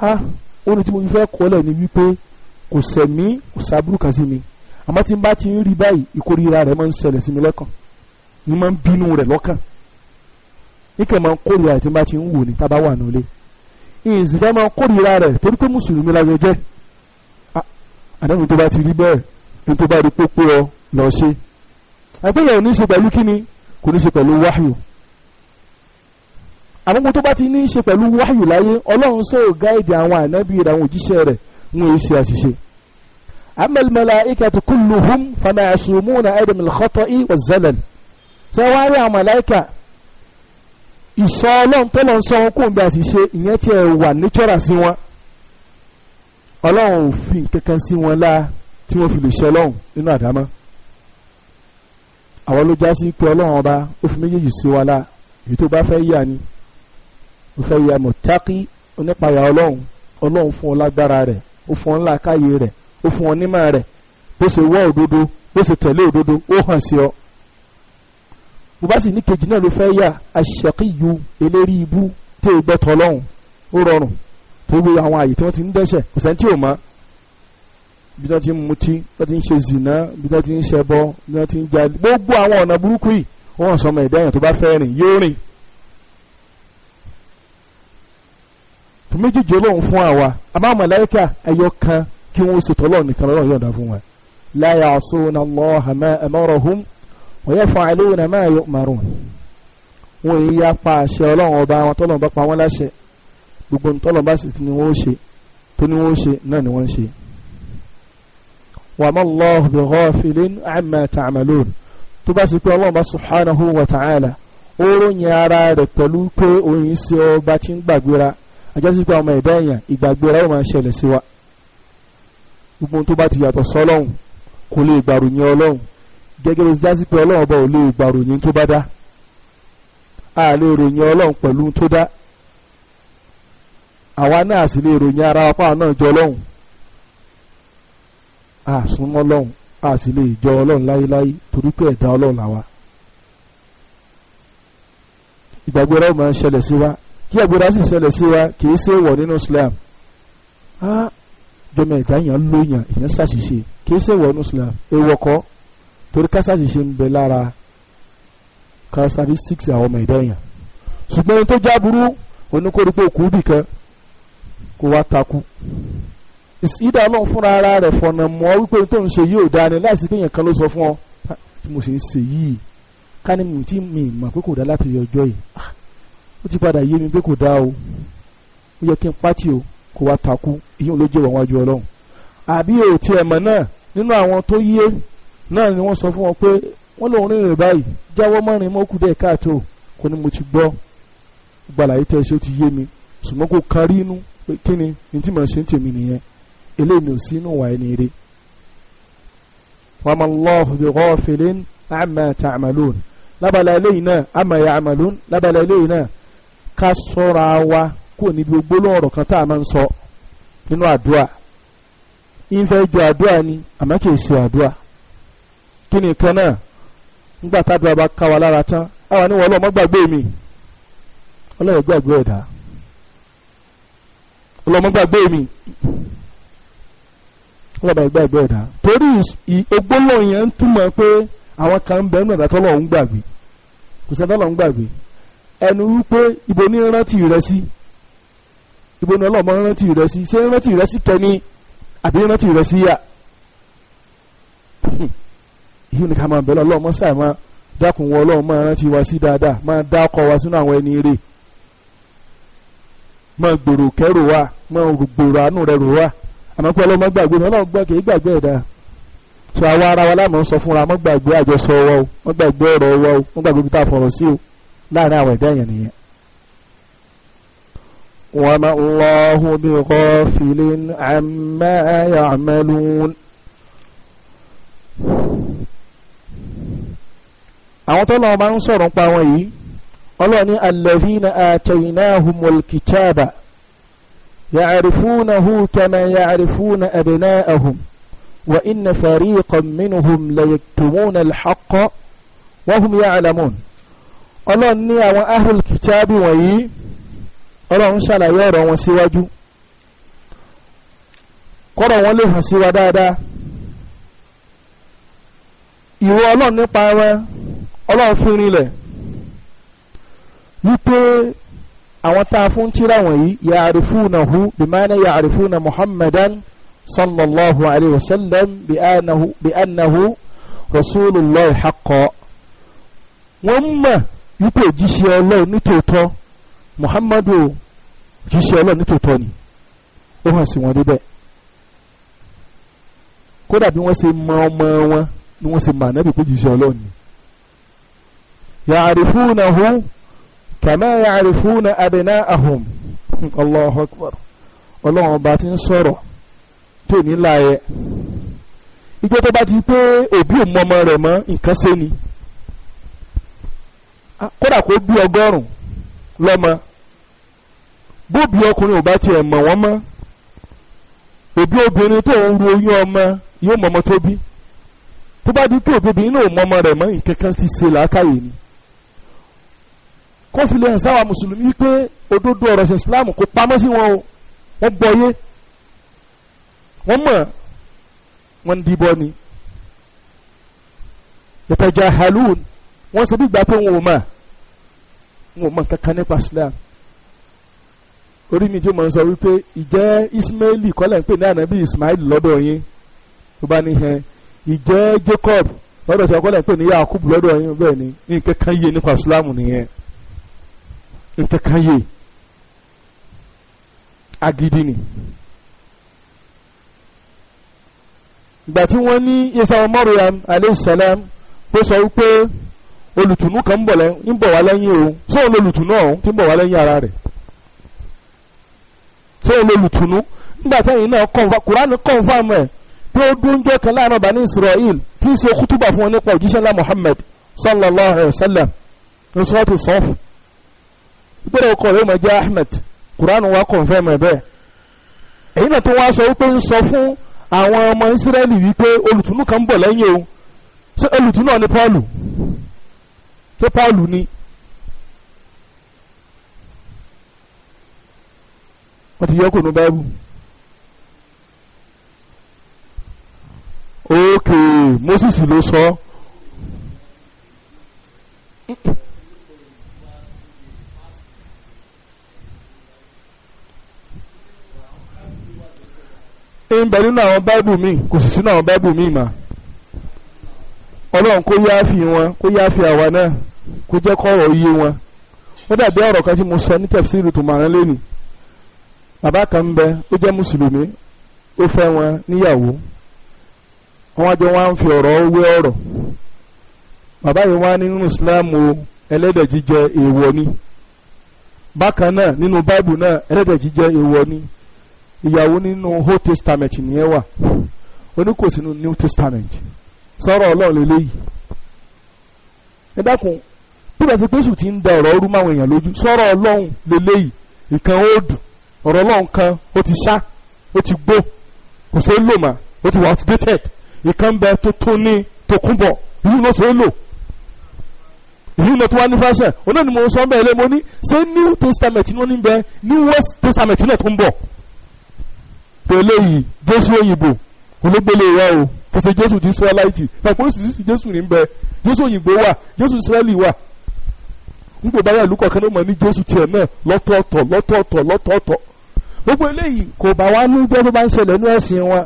Speaker 1: ah ó tí mo fẹ́ kọ́ lẹ̀ ni wípé kò sẹ̀mí kò sábúrú kan sí mi àmọ́ tí n bá ti ń rí báyìí ìkórira rẹ̀ máa ń ṣẹlẹ̀ sí mi lọ́kàn ni máa ń bínú rẹ̀ lọ́kàn níkẹ́ máa ń kórìíra rẹ̀ tí bá ti ń wò ní tábà wà nílé ìsìnká máa ń kórìíra rẹ̀ torí pé mùsùlùmí la jẹ jẹ́ àdéhùn tó bá ti rí bẹ́ẹ̀ ní tó bá rí pópó ọ lọ ṣe àgbéyẹ̀ ò ní ṣe pẹ̀lú kíni kò ní ṣe pẹ̀lú wáyò àmọ́ tó bá ti ní ṣe pẹ̀lú wáyò láyé ọlọ́run sọ gáìdì àwọn ànábì rẹ̀ àwọn òjíṣẹ́ rẹ̀ wọn èsì àṣìṣe amẹ́lmẹ́lá ikẹ́tukùn lùhùn fàmẹ́ àṣùmùnà ẹ̀dẹ̀mìlì kọ́tọ́ ì ìsọ ọlọ́run tó lọ ń sọ wọn kó ń bẹ àṣìṣe ìyẹn tí ẹ wà nítorà sí wọn ọlọ́run ò fi kankan sí wọn láà tí wọ́n fi lè ṣe ọlọ́run nínú àdámọ́ àwọn ló já sí pé ọlọ́run ọba ó fi méjèèjì sí wa láà èyí tó bá fẹ́ yà ni ó fẹ́ yà mọ̀tákì onípayà ọlọ́run ọlọ́run fún ọ lágbára rẹ̀ ó fún ọ ńlá káyé rẹ̀ ó fún ọ nímọ̀ rẹ̀ bó ṣe wọ́ òdodo bó ṣe tẹ̀lé òdodo ó hàn sí ọ bó bá sì ní kejì náà ló fẹ́ yà aṣèkíyù eléri ibú tẹ ìgbẹ́ tọ́lọ́hún ó rọrùn tó gbé àwọn àyè tí wọ́n ti ń dẹ́ṣẹ̀ kò sẹ́ni tí ò mọ́ bí wọ́n ti ń mutí bí wọ́n ti ń ṣe zìnà bí wọ́n ti ń ṣẹbọ bí wọ́n ti ń jalè gbogbo àwọn ọ̀nà burúkú yìí wọ́n sọ ọmọ ẹ̀dá èèyàn tó bá fẹ́ rìn yóò rìn. tó méjèèjì olóhùn fún àwa àmọ́ màláíkà ẹyọ kan kí wọ́n ṣètò ọlọ́run nìkan lọ́rọ̀ yọ̀ǹda fún wa. la ya'suna Allaha ma amarahum ويفعلون ما يؤمرون wọ́n yìí yá pa àṣẹ ọlọ́run ọba wọn tọ́lọ́run bá pa wọ́n láṣẹ gbogbo tọ́lọ́run bá sì ni wọ́n ṣe tó ní wọ́n ṣe náà ni wọ́n ṣe. wa ma Allahu bi ghafilin amma ta'malun tó bá sì pé ọlọ́run bá subhanahu wa ta'ala ó ròyìn ara rẹ̀ pẹ̀lú pé òyìn sí ọba tí ń gbàgbéra ajásí pé ọmọ ẹ̀dá èèyàn ìgbàgbéra ó máa ṣẹlẹ̀ gẹ́gẹ́ bí sídásí pé ọlọ́run ọba ò lè gbà ròyìn tó bá dá a lè ròyìn ọlọ́run pẹ̀lú tó dá àwa náà sì lè ròyìn ara wa fáwọn náà jọ ọlọ́run a súnmọ́ ọlọ́run a sì lè jọ ọlọ́run láyéláyé torí pé ẹ̀dá ọlọ́run làwa ìgbàgbé rẹ máa ń ṣẹlẹ̀ sí wa kí àgbèrè sì ṣẹlẹ̀ sí wa kì í ṣe wọ̀ nínú Islam jọmọ ìdáyàn lóyàn ìyẹn ṣàṣìṣe kì í ṣe wọ̀ nínú Islam èèwọ̀ kọ́ torí kásáàsì ṣe ń bẹ lára characteristics àwọn ọmọ ẹ̀dá èèyàn ṣùgbọ́n ohun tó jáburú oníkórípé òkú bì kan kó wá takú ìdá náà fúnra ara rẹ̀ fọ̀nà mọ́ wípé ohun tó ń ṣe yìí ò dáa ni láìsí pé èèyàn kan ló sọ fún ọ tí mo ṣe ń ṣe yìí ká ní mi tí mi mọ̀ pé kò dá láti yọ ọjọ́ yìí ah, ó ti padà yé mi pé kò dá o ó yẹ kí n pátì o kó wá takú ìyẹn ló jẹ́ wọ́n wájú ọlọ́run àbí òtí ẹ̀mọ́ náà nínú àwọn tó yé náà ni wọ́n sọ fún wọn pé wọ́n lòun rìn rìn báyìí jáwọ́ mọ́rin mọ́kù dẹ̀ káàtó kò ní mo ti gbọ́ gbàlàyé tẹ́ ṣe ó ti yé mi ṣùgbọ́n kò kan inú pé kí ni ní tí màá ṣe ń tèmi nìyẹn eléyìí mi ò sí inú wa ẹni rí. wa ma Allahu bi ghafilin amma ta'malun lábàlá eléyìí náà amma ya'malun lábàlá eléyìí náà ká sọ́ra wa kúrò níbi gbólóhùn ọ̀rọ̀ kan tá a máa ń sọ nínú àdúrà ìfẹ́ jọ àdúrà ni àmọ́ kì í ṣe àdúrà. kí ni nǹkan náà nígbà tádùá bá ká wa lára tán àwọn àníwọ̀ gbàgbé mi ọlọ́run gbàgbé ẹ̀dá ọlọ́run gbàgbé mi ọlọ́run gbàgbé ẹ̀dá torí ògbólóhùn ń túmọ̀ pé àwọn kan ń ẹnu wípé ibo ní rántí rẹ ibo rántí rẹ sí ṣé rántí rẹ sí kẹ́ni àbí rántí yìí ni ká máa bẹ̀rẹ̀ ọlọ́run mọ́sá máa dákun wọ ọlọ́run máa rántí wa sí dáadáa máa dá ọkọ̀ wa sínú àwọn ẹni rè máa gbòòrò kẹ́rò wa máa gbòòrò àánú rẹ̀ rò wa àmọ́ pé ọlọ́run má gbàgbé ọlọ́run gbọ́ kì í gbàgbé ẹ̀dá sọ àwa ara wa láàmú sọ fúnra má gbàgbé àjọsọ wa o má gbàgbé ọ̀rọ̀ wa o má gbàgbé tá a sí o láàrin àwọn ẹ̀dá yẹn nìyẹn. wa ma Allahu bi ghafilin àwọn tó lọ́wọ́ máa ń sọ̀rọ̀ pa wọn yìí ọlọ́ni alladhina ataynahumul kitaba ya'rifunahu kama ya'rifuna abna'ahum wa inna fariqan minhum layaktumuna alhaqqa wa hum ya'lamun ọlọ́ni ní àwọn ahlul kitabi wọ̀nyí ọlọ́run ṣàlàyé ọ̀rọ̀ wọn síwájú kọ́rọ̀ wọn lè hàn sí dáadáa ìwọ ọlọ́run nípa wọn ọlọ́run fún rinlẹ̀ wípé àwọn tá a fún tíra wọ̀nyí ya'rifunahu bimana ya'rifuna muhammadan sallallahu alayhi wa sallam bi annahu rasulullah haqqo wọ́n mọ̀ wípé òjíṣẹ́ ọlọ́run nítòótọ́ muhammadu òjíṣẹ́ ọlọ́run nítòótọ́ ni ó hàn sí wọn débẹ̀ kódà bí wọ́n ṣe mọ ọmọ wọn ni wọ́n ṣe mọ ànábì pé òjíṣẹ́ ọlọ́run ni يعرفونه كما يعرفون أبناءهم الله أكبر ọlọ́run ọba ti ń sọ̀rọ̀ tí ò ní láàyè ìgbé tó bá ti pé òbí ò mọ ọmọ rẹ̀ mọ́ nǹkan ṣe ni kódà kó bí ọgọ́rùn lọ́mọ bóbi ọkùnrin ò bá tiẹ̀ mọ̀ wọ́n mọ́ òbí obìnrin tó ń ru oyún ọmọ yóò mọ ọmọ tó bí tó bá di pé òbí obìnrin náà ò mọ ọmọ rẹ̀ mọ́ nǹkan kan ti ṣe làákàyè ni kó fi lè hàn sáwà mùsùlùmí wípé òdodo ọ̀rọ̀ ẹ̀sìn islam kò pamọ́ sí wọn o wọ́n gbọ́yé wọ́n mọ̀ wọ́n ń dìbọn ni ìtajà halloon wọ́n ṣe bí gbà pé wọn ò mọ̀ wọn ò mọ̀ kankan nípa islam orí mi tí mo sọ wípé ìjẹ́ ismaili kọ́lẹ̀ ń pè ní ànábì ismail lọ́dọ̀ yín tó bá ní hẹn ìjẹ́ jacob lọ́dọ̀ tí wọ́n kọ́lẹ̀ ń pè ní yakub lọ́dọ̀ yín bẹ́ẹ̀ ni nǹkan kan yé nípa islam nìyẹn nǹkan kan yé agídí ni ìgbà tí wọ́n ní Isa Maryam aleyhisselam tó sọ wípé olùtùnú kan ń bọ̀ wá lẹ́yìn o sóun lolùtùnú ọ̀hún tí ń bọ̀ wá lẹ́yìn ara rẹ̀ sóun lolùtùnú nígbà táyìn náà kọ̀ǹfà kùránì kọ̀ǹfà ẹ̀ pé ó dún jẹ́ kan láàrin ọba Israel tí ń ṣe kútùbà fún wọn nípa òjíṣẹ́ ńlá Muhammad sallallahu alayhi wa sallam ní sọ́ọ́tù sọ́ọ̀fù gbọ́dọ̀ ọkọ rẹ̀ mọ̀ Ahmed kuranu wa kọ̀nfẹ́mù ẹ̀ bẹ́ẹ̀ èyí náà tó wá sọ wípé ń sọ fún àwọn ọmọ Ísírẹ́lì wípé olùtúnú kan ń bọ̀ lẹ́yìn o ṣé olùtúnú náà ni Pọ́ọ̀lù ṣé Pọ́ọ̀lù ni wọ́n ti yọ kò ní báyìí. ókè Moses ló sọ. So. ń nínú àwọn báìbù míì kò sì sínú àwọn báìbù míì mà ọlọ́run kó yá fi wọn kó yá fi àwa náà kó jẹ́ ọ̀rọ̀ yé wọn ó dàbí ọ̀rọ̀ kan tí mo sọ ní tẹ̀síìrì tó màrán lẹ́nu bàbá kan ń bẹ ó jẹ́ mùsùlùmí ó fẹ́ wọn níyàwó wọn jọ fi ọ̀rọ̀ wé ọ̀rọ̀ bàbá yìí wá nínú ẹlẹ́dẹ̀ jíjẹ ni bákan náà nínú ìyàwó nínú old testament nìyẹn wà oníkòsí nínú new testament sọ̀rọ̀ ọlọ́run lélẹ́yìí ẹ dákun bíbẹ̀ sí pé sùn ti ń da ọ̀rọ̀ ọdún máwọn èèyàn lójú sọ̀rọ̀ ọlọ́run lélẹ́yìí ìkan ó dùn ọ̀rọ̀ ọlọ́run kan ó ti ṣá ó ti gbó kò sí lò mà ó ti wà outdated ìkan bẹ tó tó ní tó kún bọ̀ ìlú náà sọ lò ìlú náà tó wá ní fashion onáà ni mo sọ bẹ́ẹ̀ lé mo ní ṣé new testament ni wọ́n ní bẹ new west testament náà tó ń bọ̀ pẹ̀lú èyí jésù òyìnbó ológbélé wa o kò ṣe jésù ti israelite ẹ̀kọ́ oríṣiríṣi jésù ní bẹ jésù òyìnbó wà jésù israeli wà nígbà báyà ìlú kọ̀ọ̀kan náà mọ̀ ní jésù tiẹ̀ náà lọ́tọ̀ọ̀tọ̀ lọ́tọ̀ọ̀tọ̀ lọ́tọ̀ọ̀tọ̀ gbogbo eléyìí kò bá wa ní jẹ́ tó bá ń ṣẹlẹ̀ nínú ẹ̀sìn wa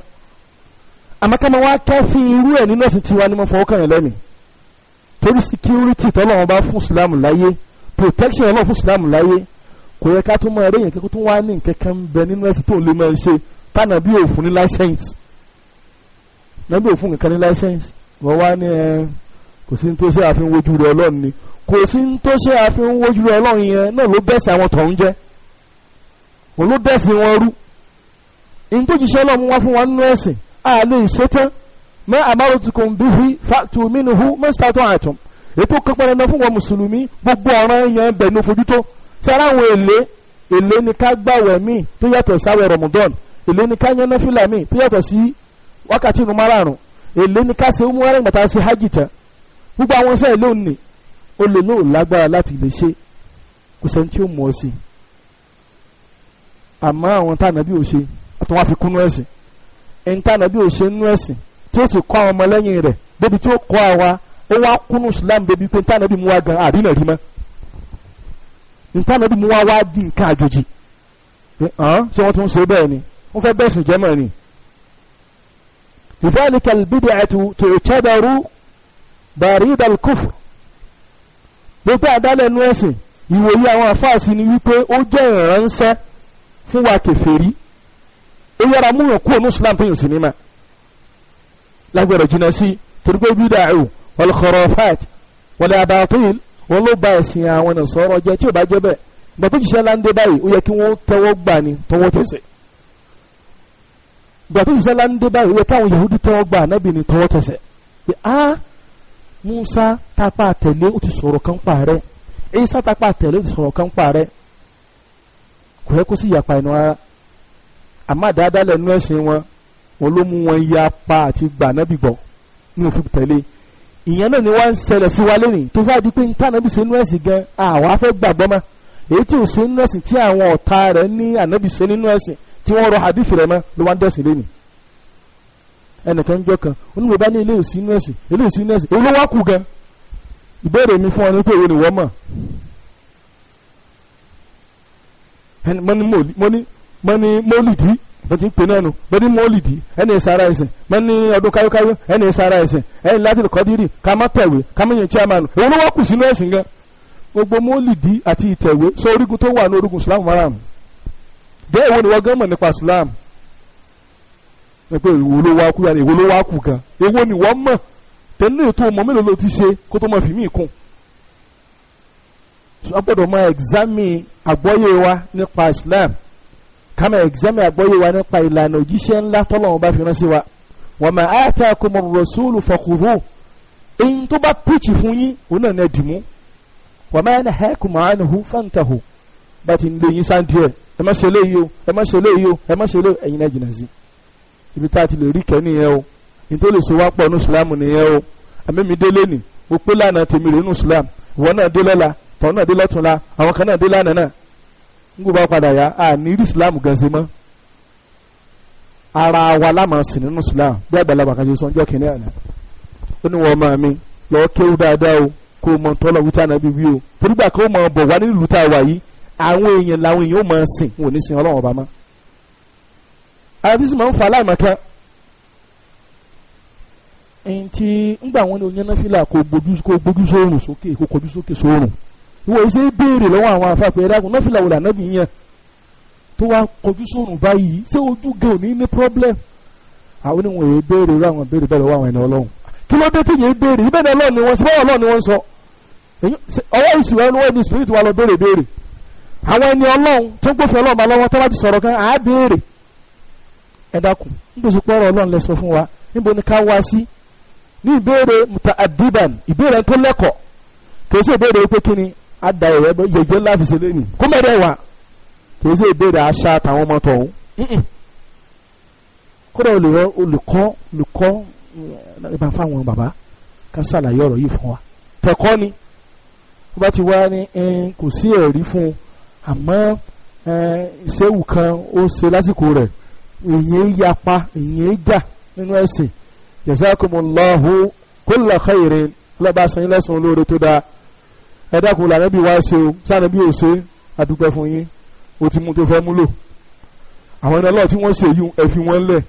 Speaker 1: àmọ́ ká máa irú ẹ̀ nínú ẹ̀sìn tiwa ni mo fọwọ́ kàn yẹn torí security tọ́lọ́wọ́n bá fún islam láyé protection ọlọ́run fún islam láyé kò yẹ ká tún máa rí yẹn kí kó tún wá ní nǹkan kan bẹ nínú ẹ̀sìn tó ń lè máa ń ṣe tànà bí òfin ní license nàbí òfin kankan ní license wọ́n wá ní ẹ kò sí ní tó ṣe àfihàn wojú rẹ ọlọ́run ni kò sí ní tó wojú rẹ ọlọ́run yẹn náà ló dẹ́sí àwọn tọ̀hún jẹ́ òun ló dẹ́sí wọn rú ní ọlọ́run wá fún wa nínú ẹ̀sìn a lè ṣe tán mẹ́ àmáròtìkùn bíi fàtú mínú hu mẹ́sítà tó àtùm ètò kankan dandan fún wọn mùsùlùmí gbogbo ọ̀ràn yẹn bẹ̀ ní fojú tó sára àwọn èlé èlé ni ká gbàwẹ̀ míì tó yàtọ̀ sáwẹ̀ rọ̀mùdọ́nù èlé ni ká yan náfìlà míì tó yàtọ̀ sí wákàtí nu márààrún èlé ni ká ṣe ó mú wẹ́rẹ́ gbàtà ṣe hajj tán gbogbo àwọn sẹ́ẹ̀ ló ní o lè lò lágbára láti lè ṣe kò sẹ́ni tí ó mú ọ sí i àmọ́ àwọn tá ànábì ò ṣe àti wọn á fi kúnú ẹ̀sìn ẹni tá ànábì ò ṣe nínú ẹ̀sìn tí ó sì kọ́ àwọn ọmọlẹ́yìn rẹ̀ débi tí ó kọ́ àwa ó wá kúnú Islam débi pé tá mú wa gan àrínà rí mọ́ mú wa wá di nǹkan àjòjì ṣé wọ́n tún ṣe bẹ́ẹ̀ ni wọ́n fẹ́ bẹ́sùn jẹ́ mọ̀ ni. lidhalika albid'atu tu'tabaru barida al-kufr gbogbo àdálẹ́nu ẹ̀sìn ìwòye àwọn àfáàsì ni wípé ó jẹ́ ìránṣẹ́ fún wa kèfèrí ó yára múyàn kúrò ní islam fún ìsìn mímọ́ lágbẹ̀rẹ̀ jìnnà sí torípé bídà ẹ̀wò wal-khurafat wal-abatil wọn ló ba ẹ̀sìn àwọn ẹ̀sọ́ jẹ́ tí ò bá jẹ́ bẹ́ẹ̀ gbàtó jìṣẹ́ láńdé báyìí ó yẹ kí wọ́n tẹ́wọ́ gbà ní tọwọ́ tẹ̀sẹ̀ gbàtí ìṣẹ́lá ń dé báyìí yẹ káwọn yahudi tọwọ́ gba ànábì ní tọwọ́ tẹsẹ̀ pé a musa tapa tẹ̀lé o ti sọ̀rọ̀ kan pa rẹ̀ isa tapa tẹ̀lé o ti sọ̀rọ̀ kan pa rẹ̀ kò yẹ kó sì yapa ẹnu ara àmọ́ àdáadáa lẹ́nu ẹ̀sìn wọn wọn ló mú wọn yapa àti gba ànábì gbọ́ ní òfin tẹ̀lé ìyẹn náà ni wọ́n ń ṣẹlẹ̀ sí wa lónìí tó fà di pé níta ànábì ṣe nú ẹ̀sìn gan àwọn afẹ́ gbàgbọ́ mọ́ èyí tí ò ṣe nú tí àwọn ọ̀tá rẹ̀ ní ànábì ṣe nínú tí wọ́n rọ hadith rẹ̀ mọ́ ló wá ń dẹ̀sìn lé ni ẹnìkan jọ kan onímọ̀ bá ní ilé ìsínú ẹ̀sìn ilé ìsínú ẹ̀sìn èyí ló wá kú gan ìbéèrè mi fún ọ ní pé èyí ni wọ́n mọ̀ mo ní mólìdí mo ti ń pè náà nù mo ní mólìdí ẹni ìsara ẹ̀sìn mo ní ọdún káyọ́káyọ́ ẹni ìsara ẹ̀sìn ẹni láti kọ́dírì ká má tẹ̀wé ká má yẹn chairman èyí ló wá kù sínú ẹ̀sìn gan gbogbo mólìdí àti ìtẹ̀wé sọ orígun tó wà ní orígun Islam márùn-ún bẹ́ẹ̀ wo ni wọ́n gán mọ̀ nípa Islam ẹ pé èwo ló wá kú yàrá èwo ló wá kú gan èwo ni wọ́n mọ̀ tẹ́lẹ̀ ètò ọmọ mélòó ló ti ṣe kó tó mọ̀ fi mí kún a gbọ́dọ̀ máa ẹ̀gzámì àgbọ́yé wa nípa Islam ká máa ẹ̀gzámì àgbọ́yé wa nípa ìlànà òjíṣẹ́ ńlá tọ́lọ́run bá fi rán wa wa ma atakum ar-rasulu fakhudhuhu èyí tó bá píìchì fún yín òun náà ní ẹ̀dìmú wa ma nahakum anhu fantahu bá ti ń lé yín sáńdíẹ̀ ẹ má ṣe eléyìí o ẹ má ṣe eléyìí o ẹ má ṣe eléyìí ẹ̀yin náà jìnnà sí ibi tá a ti lè rí kẹ́ nìyẹn o nítorí sọ wá pọ̀ ní ìsìlámù nìyẹn o àmẹ́mi délé nì mo pé lánàá tèmi rè ní ìsìlámù ìwọ náà dé lọ́la tọ́hún náà dé lọ́túnla àwọn kan náà dé lánàá náà ń gbọ́ padà yá a ní rí ìsìlámù gan ṣe mọ́ ara wa lámàá sì nínú ìsìlámù bí àgbàlagbà kan ṣe sọ ọjọ́ kìnìún àná ó ní wọ́n máa mi lọ́ọ́ kéwú dáadáa o kó o mọ tọ́lọ̀ wíta náà bíbí o torí gbà kó o mọ bọ̀ wá nílùú tá yìí àwọn èèyàn làwọn èèyàn ó máa sìn wọn ò ní sin ọlọ́run ọba mọ́ àdìsí máa ń fa aláìmọ̀kan ẹni tí ńgbà wọn ni onyanafila kò gbójú kò gbójú sóòrùn sókè kò kọjú sókè sóòrùn ìwọ ìṣe béèrè lọ́wọ́ àwọn afáàpẹ ẹdá kun náfìlà wòlà nábì yẹn tó wá kọjú sóòrùn báyìí ṣé ojú gan òní ní problem àwọn oníwọ̀n èyí béèrè irú àwọn béèrè bẹ́ẹ̀ lọ́wọ́ àwọn ẹni ọlọ́run kí ló dé tí yẹn béèrè ibẹ̀ ni ọlọ́run ni wọ́n sọ ọwọ́ ìsìnwá ni wọ́n ní spirit wa lọ béèrè béèrè àwọn ẹni ọlọ́run tó ń gbófin ọlọ́run bá lọ́wọ́ tó bá ti sọ̀rọ̀ kan àá béèrè ẹ dákun nítorí pé ọ̀rọ̀ ọlọ́run lẹ sọ fún wa níbo ni ká wá sí ní ìbéèrè muta adiban ìbéèrè tó lẹ́kọ̀ọ́ kìí sí ìbéèrè pé kí ni ada ìwẹ́ bọ́ yẹ̀yẹ́ ńlá fi ṣe lẹ́nu kó mẹ́rẹ̀ wà kìí sí ìbéèrè àṣà àtàwọn ọmọ tọ̀hún kódà olùrọ olùkọ́ olùkọ́ ìbá eh, bàbá ká ṣàlàyé àmọ́ ṣéwù kan ó ṣe lásìkò rẹ̀ èyí yapa èyí jà nínú ẹ̀sìn jazakumullahu kulla khairin lọ́ba sàn yín lẹ́sùn olóore tó dáa ẹ dákun lànà bí ṣe o sànà bí ò ṣe àdúpẹ́ fún yín o ti mú tó fẹ́ mú lò àwọn ẹni ọlọ́ọ̀ tí wọ́n ṣe yún ẹ fi wọ́n lẹ̀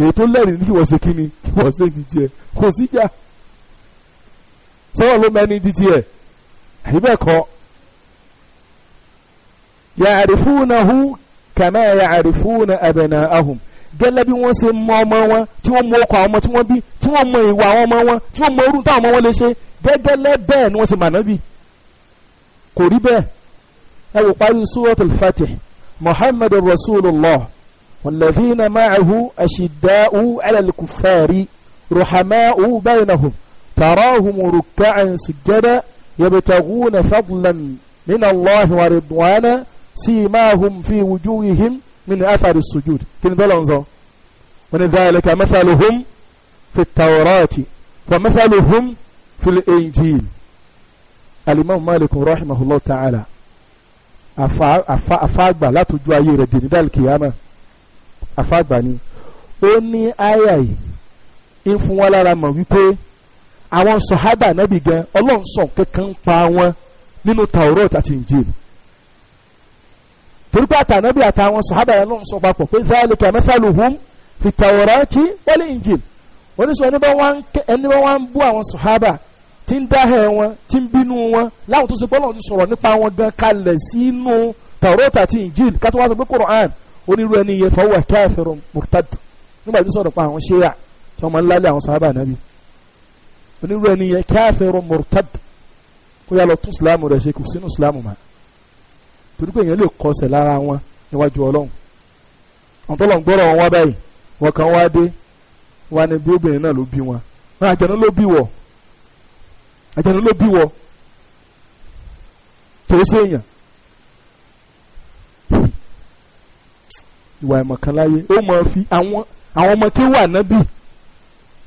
Speaker 1: èyí tó lẹ́rìí ní kí wọ́n ṣe kí ni kí wọ́n ṣe títí ẹ̀ kò síjà sọ́wọ́n ló mẹ́ni títí àyíbẹ̀ kọ́ يعرفونه كما يعرفون أبناءهم قال لبي وانسي ماما وان تيوان موقع وما تيوان بي تيوان ما يوا وما وان تيوان ما يرون تاما وان لشي قال قال لبي وانسي مانا بي قريبا أو قال سورة الفاتح محمد رسول الله والذين معه أشداء على الكفار رحماء بينهم تراهم ركعا سجدا يبتغون فضلا من الله ورضوانا سيماهم في وجوههم من أثر السجود كن ذلك ولذلك مثلهم في التوراة ومثلهم في الإنجيل الإمام مالك رحمه الله تعالى afagba látọjú ayé rẹ̀ dè ní dàlkìyàmà afagba ni ó ní àyà yìí ń fún wa lára mọ̀ wípé àwọn sọ̀hábà nábì gan ọlọ́run sàn kankan pa wọn nínú Taurat àti Injil torí pé àtànábì àtàwọn sàhábà yẹn ló ń sọ papọ̀ pé zalika mathaluhum fi tawrati wal injil oníṣòwò ẹni bá wá ń bú àwọn sàhábà tí ń dáhẹ́ wọn tí ń bínú wọn láwọn tó ṣe pé Ọlọ́run ti sọ̀rọ̀ nípa wọn gan kalẹ̀ sínú tawrati àti injil kátó wá sọ pé Qur'an onírú ẹni yẹn fọwọ́ kafirun murtad nígbà tí sọ̀rọ̀ pa àwọn torí pé èèyàn lè kọsẹ̀ lára wọn níwájú ọlọ́run àwọn tó lọ ń gbọ́rọ̀ wọn wá báyìí wọn kàn wá dé wá ní bí obìnrin náà ló bí wọn wọn àjẹnú ló bí wọ àjẹnú ló bí wọ kìí ṣe èèyàn ìwà ìmọ̀kànláyé ó mọ̀ fi àwọn ọmọ tí wà nábì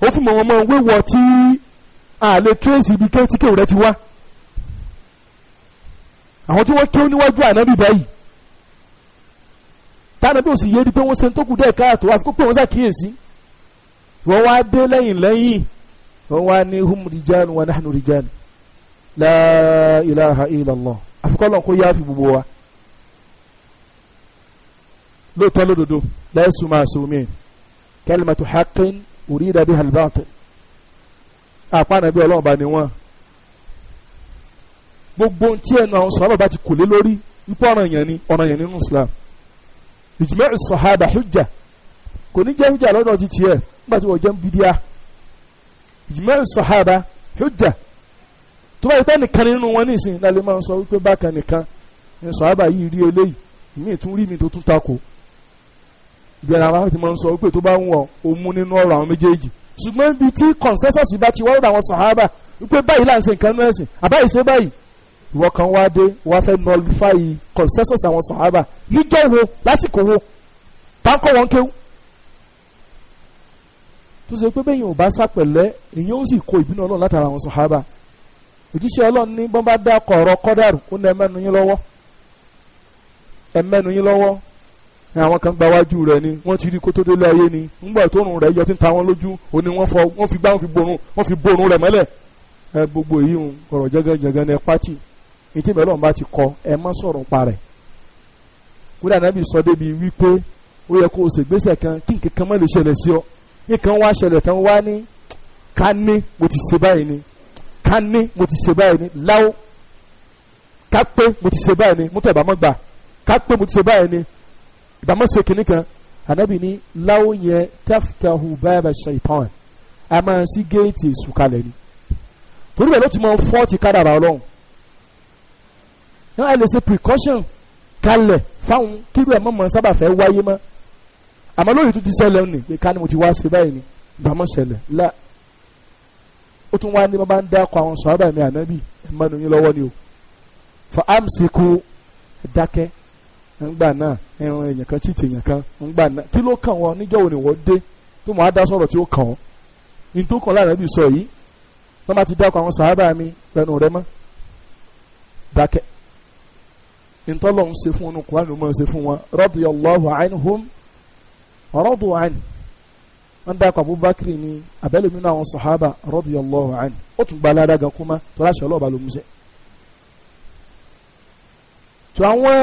Speaker 1: ó fún mọ̀ wọn mọ̀ wéwọ tí àlè tírèsì ibi kéétìkéwò rẹ ti wá àwọn tí wọ́n kéwú níwájú ànábì báyìí táwọn bí wọ́n sì yé ni pé wọ́n ṣe ń tókù dẹ́ẹ̀ káàtó àti kó pé wọ́n ṣàkíyèsí wọ́n wá dé lẹ́yìn lẹ́yìn wọ́n wá ní hum rijal wa nahnu rijal la ilaha illallah àfikọ́lọ̀ kó yáa fi gbogbo wa lóòótọ́ lódodo lẹ́sùn máa sùn mí kalimatu haqqin urida biha al-batil àpá ànábì ọlọ́ọ̀bá ni wọ́n gbogbo ohun tí ẹnu àwọn sọ̀rọ̀ bá ti kò lé lórí ipò ọ̀ràn yẹn ni ọ̀ràn yẹn nínú Islam ìjùmọ̀ ìsọ̀hádà hujja kò ní jẹ́ hujja lọ́dọ̀ ti tiẹ̀ nígbà tí wọ́n jẹ́ bídíà ìjùmọ̀ ìsọ̀hádà hujja tó bá yẹ pé nìkan nínú wọn nísìn lálẹ́ máa ń sọ wípé bákan nìkan ní sọ̀hábà yìí rí eléyìí ìmí tún rí mi tó tún takò ìbẹ̀rẹ̀ àwọn ti máa ń sọ wípé tó bá ń wọ̀ mú nínú ọ̀rọ̀ àwọn méjèèjì ṣùgbọ́n ibi tí consensus bá ti wọ́n rọ̀ àwọn sọ̀hábà wípé báyìí là ń ṣe nǹkan nú ẹ̀sìn àbáyìí ṣe báyìí ìwọ kan wá dé wá fẹ́ nọlifáì consensus àwọn sàhábà níjọ́ wo lásìkò wo táǹkọ̀ wọn kéwù tó ṣe pé bẹ́ẹ̀ yẹn ò bá sá pẹ̀lẹ́ ìyẹn ó sì kó ìbínú ọlọ́run látara àwọn sàhábà òjíṣẹ́ ọlọ́run ní bọ́n bá dá kọ̀ọ̀rọ̀ kọ́dàrú ó ní ẹmẹ́nu yín lọ́wọ́ ẹmẹ́nu yín lọ́wọ́ àwọn kan gba wájú rẹ ni wọ́n ti rí kótó délé ayé ni ńgbà tó rùn rẹ yọ ti ń ta wọn lójú òní wọ́n fọ wọ́n fi gbá wọ́n fi borun wọ́n fi borun rẹ mọ́lẹ̀ ẹ gbogbo èyí ń kọ̀rọ̀ jẹ́gẹ́jẹ́gẹ́ ní pátì etí ìbẹ̀rẹ̀ ọ̀nba ti kọ ẹ má sọ̀rọ̀ pa rẹ̀ kúrẹ́ ànábì sọ débi wípé ó yẹ kó o ṣègbésẹ̀ kan kí nǹkan kan má lè ṣẹlẹ̀ sí ọ nǹkan wá ṣẹlẹ̀ tán wá ní ká ní mo ti ṣe báyìí ni ká ní mo ti ṣe báyìí ni láwọ ká pé mo ti ṣe báyìí ni mo tẹ̀ ìbámọ́ gbà ká pé mo ti ṣe báyìí ni ìbámọ́ ṣe kìnnì kan ànábì ní láwọ yẹn taftahu baba shaitan a máa ṣí géètì ìsúkalẹ̀ ni torí bẹ́ẹ̀ ló ti máa fọ́ọ̀tì kádàrà ọlọ́run náà ẹ lè ṣe precaution kalẹ̀ fáwọn kíru ẹ̀ mọ̀mọ́ sábà fẹ́ wáyé mọ́ àmọ́ lórí tó ti ṣẹlẹ̀ pé ká ní mo ti wá ṣe báyìí ni ìbámọ́ ṣẹlẹ̀ la ó tún wá ní bá ń dákọ̀ àwọn sọ̀rọ̀ mi ànábì ẹ̀ mọ́nu yín lọ́wọ́ ni o for amsiku dákẹ́ ńgbà náà ẹran èèyàn kan chìtì èèyàn kan ńgbà náà kí ló kàn wọn níjọ́ wo ni wọ́n dé tó mọ̀ á dá sọ̀rọ̀ tí ó kàn ọ́ ní tó kàn láàrin ẹbí sọ yìí wọ́n bá ti dákọ̀ àwọn sàhábà mi lẹ́nu rẹ mọ́ dákẹ́ ntọ́lọ̀ ń ṣe fún wọn kó àná máa ṣe fún wọn radiyallahu anhum wa radu anhu wọn dá kọ Abubakar ní abẹ́lẹ́mi náà àwọn sàhábà radiyallahu anhu ó tún gba aládàá gan kúmá tọ́lá ṣe ọlọ́ọ̀bá ló mú sẹ́. tó àwọn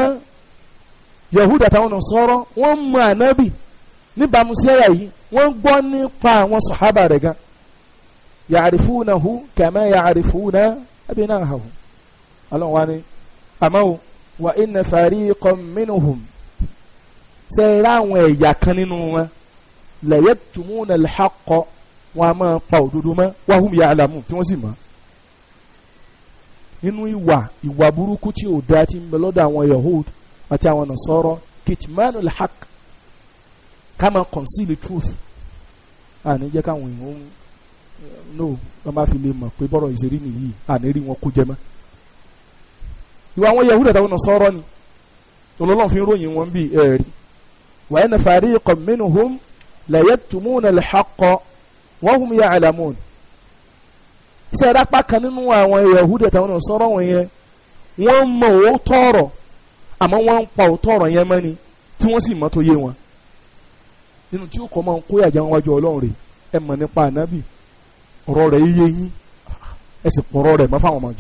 Speaker 1: Yahuda àtàwọn ọ̀nà sọ̀rọ̀ wọ́n mú ànábì níbàámu sẹ́yà yìí wọ́n gbọ́ nípa àwọn sàhábà rẹ̀ gan ya'rifunahu kama wà inna fariqan minhum ṣe irú àwọn ẹ̀yà kan nínú wọn la yaktumuna al-haqqa wọn a máa pa òdodo mọ́ wa hum ya'lamun tí wọ́n sì mọ̀ nínú ìwà ìwà burúkú tí ò da ti ń bẹ àwọn Yahud àti àwọn Nasara kitmanu al-haqq conceal the truth àní jẹ́ káwọn èèyàn no wọ́n máa fi lè mọ̀ pé bọ́rọ̀ ìṣèrí nìyí àní rí wọn kó jẹ mọ́ ìwà àwọn yahudu àtàwọn nasọrọ ni olólùwọ̀n fi ròyìn wọn bí ẹ̀rí wa anna fariqan minhum la yaktumuna al-haqqa wa hum ya'lamun iṣẹ́ ìdápá kan nínú àwọn yahudu àtàwọn nasọrọ wọn yẹn wọ́n mọ òótọ́ ọ̀rọ̀ àmọ́ wọ́n ń pa òótọ́ ọ̀rọ̀ yẹn mẹ́ni tí wọ́n sì mọ́ tó yé wọn nínú tí ó kọ́ máa ń kó yàjà wájú ọlọ́run rè ẹ mọ̀ nípa ànábì ọ̀rọ̀ rẹ̀ yíyé yín ẹ sì pọ̀rọ̀ rẹ̀ mọ́ fáwọn ọmọ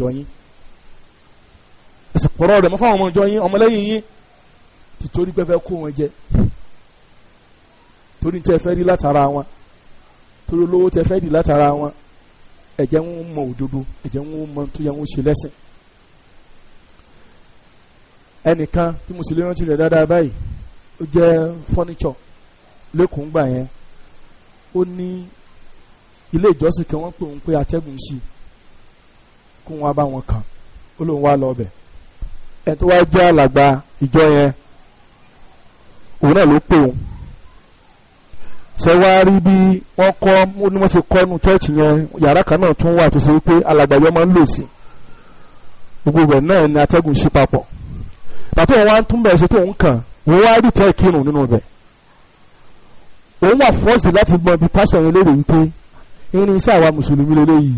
Speaker 1: ẹsẹ̀ pọ̀rọ̀ rẹ̀ mọ́ fáwọn ọmọ ìjọ yín ọmọlẹ́yìn yín ti torí pé fẹ́ kó wọn jẹ torí tẹ́ fẹ́ rí látara wọn torí olówó tẹ́ fẹ́ rí látara wọn ẹ̀jẹ̀ ń mọ òdodo ẹ̀jẹ̀ ń mọ tó yẹ ń ṣe lẹ́sìn ẹnìkan tí mo sì lè rántí rẹ̀ dáadáa báyìí ó jẹ́ fọ́níṣọ̀ lẹ́kùn gbà yẹn ó ní ilé ìjọsìn kan wọ́n pè ń pé atẹ́gùn sí kó wọn bá wọn kàn ó lóun wá lọ ọbẹ̀ ẹni tó wá jẹ́ alàgbà ìjọ yẹn òun náà ló pè òun ṣe wá rí bí wọ́n kọ́ ní wọ́n ṣe kọ́nu chọ́ọ̀chì yẹn yàrá kan náà tún wà tó ṣe wípé alàgbà yẹn máa ń lò sí gbogbo rẹ̀ náà ni atẹ́gùn ṣe papọ̀ bàtà òun wá ń tún bẹ̀rẹ̀ ṣe tó ń kàn òun wá rí tẹ́ kírun nínú ibẹ̀ òun wà fọ́ọ̀sì láti gbọ́n bí pásítọ̀ yẹn léèrè wípé irin iṣẹ́ àwa mùsùlùmí lélẹ́yìí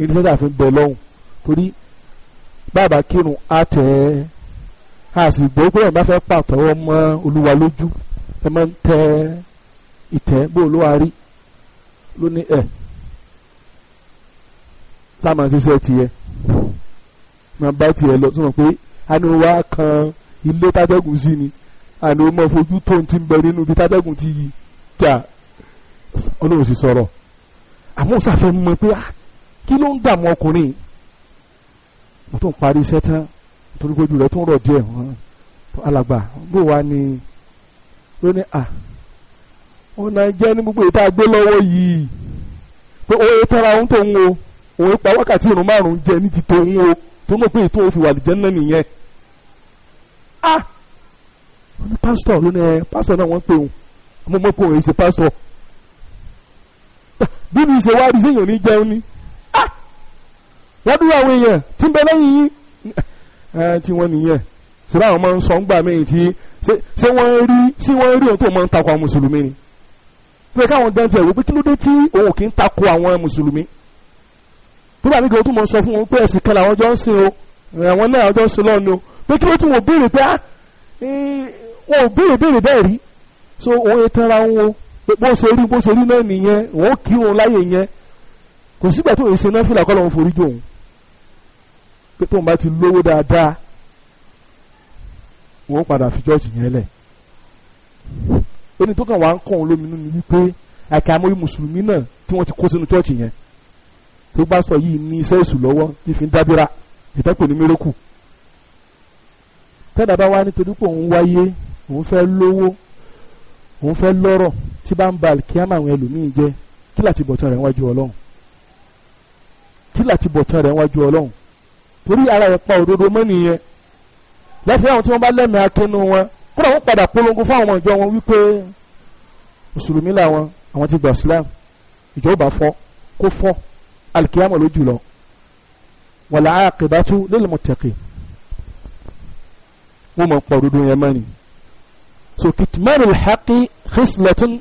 Speaker 1: irin iṣẹ́ àfihàn bẹ̀ lọ́hùn torí bàbá kírun á tẹ ẹ a sì gbọ́ pé ẹ̀ bá fẹ́ pàtẹ́wọ́ mọ́ olúwa lójú ẹ máa ń tẹ ìtẹ́ bó ló wá rí ló ẹ̀ sáàmà ṣiṣẹ́ tiẹ̀ máa bá tiẹ̀ lọ sọ pé àníwò wá kan ilé tábẹ́gùn sí ni àníwò mọ̀ fojú tó ń ti bẹ nínú ibi tábẹ́gùn ti yí jà ọlọ́run sì sọ̀rọ̀ àmọ́ sáfẹ́ mọ̀ pé ah, kí ló ń dààmú ọkùnrin yìí mo tún parí iṣẹ́ tán torí gbójú rẹ̀ tún rọ̀ díẹ̀ alàgbà bó wa ni ló ní à ọ̀nà jẹ́ ní gbogbo ìta gbé lọ́wọ́ yìí pé òye tẹ́ra òun tóun o òun pa wákàtí ìrun márùn-ún jẹ ní ti tóun o tó mọ̀ pé ètò òfin wà lìjẹ́ náà nìyẹn à ó ní pásítọ̀ ló ní ẹ pásítọ̀ náà wọ́n pè òun mo mọ̀ pé òun èyí ṣe pásítọ̀ bí mi ṣe wá rí séèyàn ní jẹun ní wọ́n àwọn èèyàn tí ń bẹ lẹ́yìn yín ẹ tí wọ́n nìyẹn ṣùgbọ́n àwọn máa ń sọ ńgbà míì tí ṣé wọ́n rí ṣé wọ́n rí ohun tó máa ń takò àwọn mùsùlùmí ni pé káwọn gan wò pé kí ló dé tí òun kì í takò àwọn mùsùlùmí nígbà mí gan tó mọ̀ sọ fún wọn pé ẹ̀sìn kan làwọn jọ ń sìn o àwọn náà jọ ń sìn lọ́nu pé kí ló tún wọ́n béèrè pé ah, wọn ò béèrè béèrè bẹ́ẹ̀ rí so òun yẹn tẹ́ra ń wo bó ṣe rí bó ṣe rí náà nìyẹn òun kí òun láyè yẹn kò sígbà tó yẹ ṣe náà fìlà kọ́ lọ́wọ́ forí jù òun pé tóun bá ti lówó dáadáa wọ́n padà fi chọ́ọ̀chì yẹn lẹ̀ ẹni tó kàn wá ń kàn ó lóminú ni wípé àkàmọ́yé mùsùlùmí náà tí wọ́n ti kó sínú chọ́ọ̀chì yẹn tó bá sọ yìí ní iṣẹ́ èṣù lọ́wọ́ tí fi ń dábìrà ìtẹ́kùn ní mẹ́rẹ́kù tẹ́lẹ̀ bá wá nítorí pé òun wáyé òun fẹ́ lówó òun fẹ́ lọ́rọ̀ tí bá ń ba kíámà àwọn ẹlòmíín jẹ́ kí láti bọ̀tán rẹ̀ wájú ọlọ́run kí láti bọ̀tán rẹ̀ wájú ọlọ́run torí ara ẹ̀ pa òdodo mọ́ nìyẹn lẹ́fẹ̀ẹ́ àwọn tí wọ́n bá lẹ́mìí akínú wọn kúrò wọ́n padà polongo fún àwọn ìjọ wọn wípé mùsùlùmí làwọn àwọn ti gbà islam ìjọba fọ́ kó fọ́ alikiyama ló jùlọ wàlá àkìbátú lilmuttaqin wọ́n mọ̀ pọ̀ òdodo yẹn mọ́ ni so kitmanu alhaqi khislatun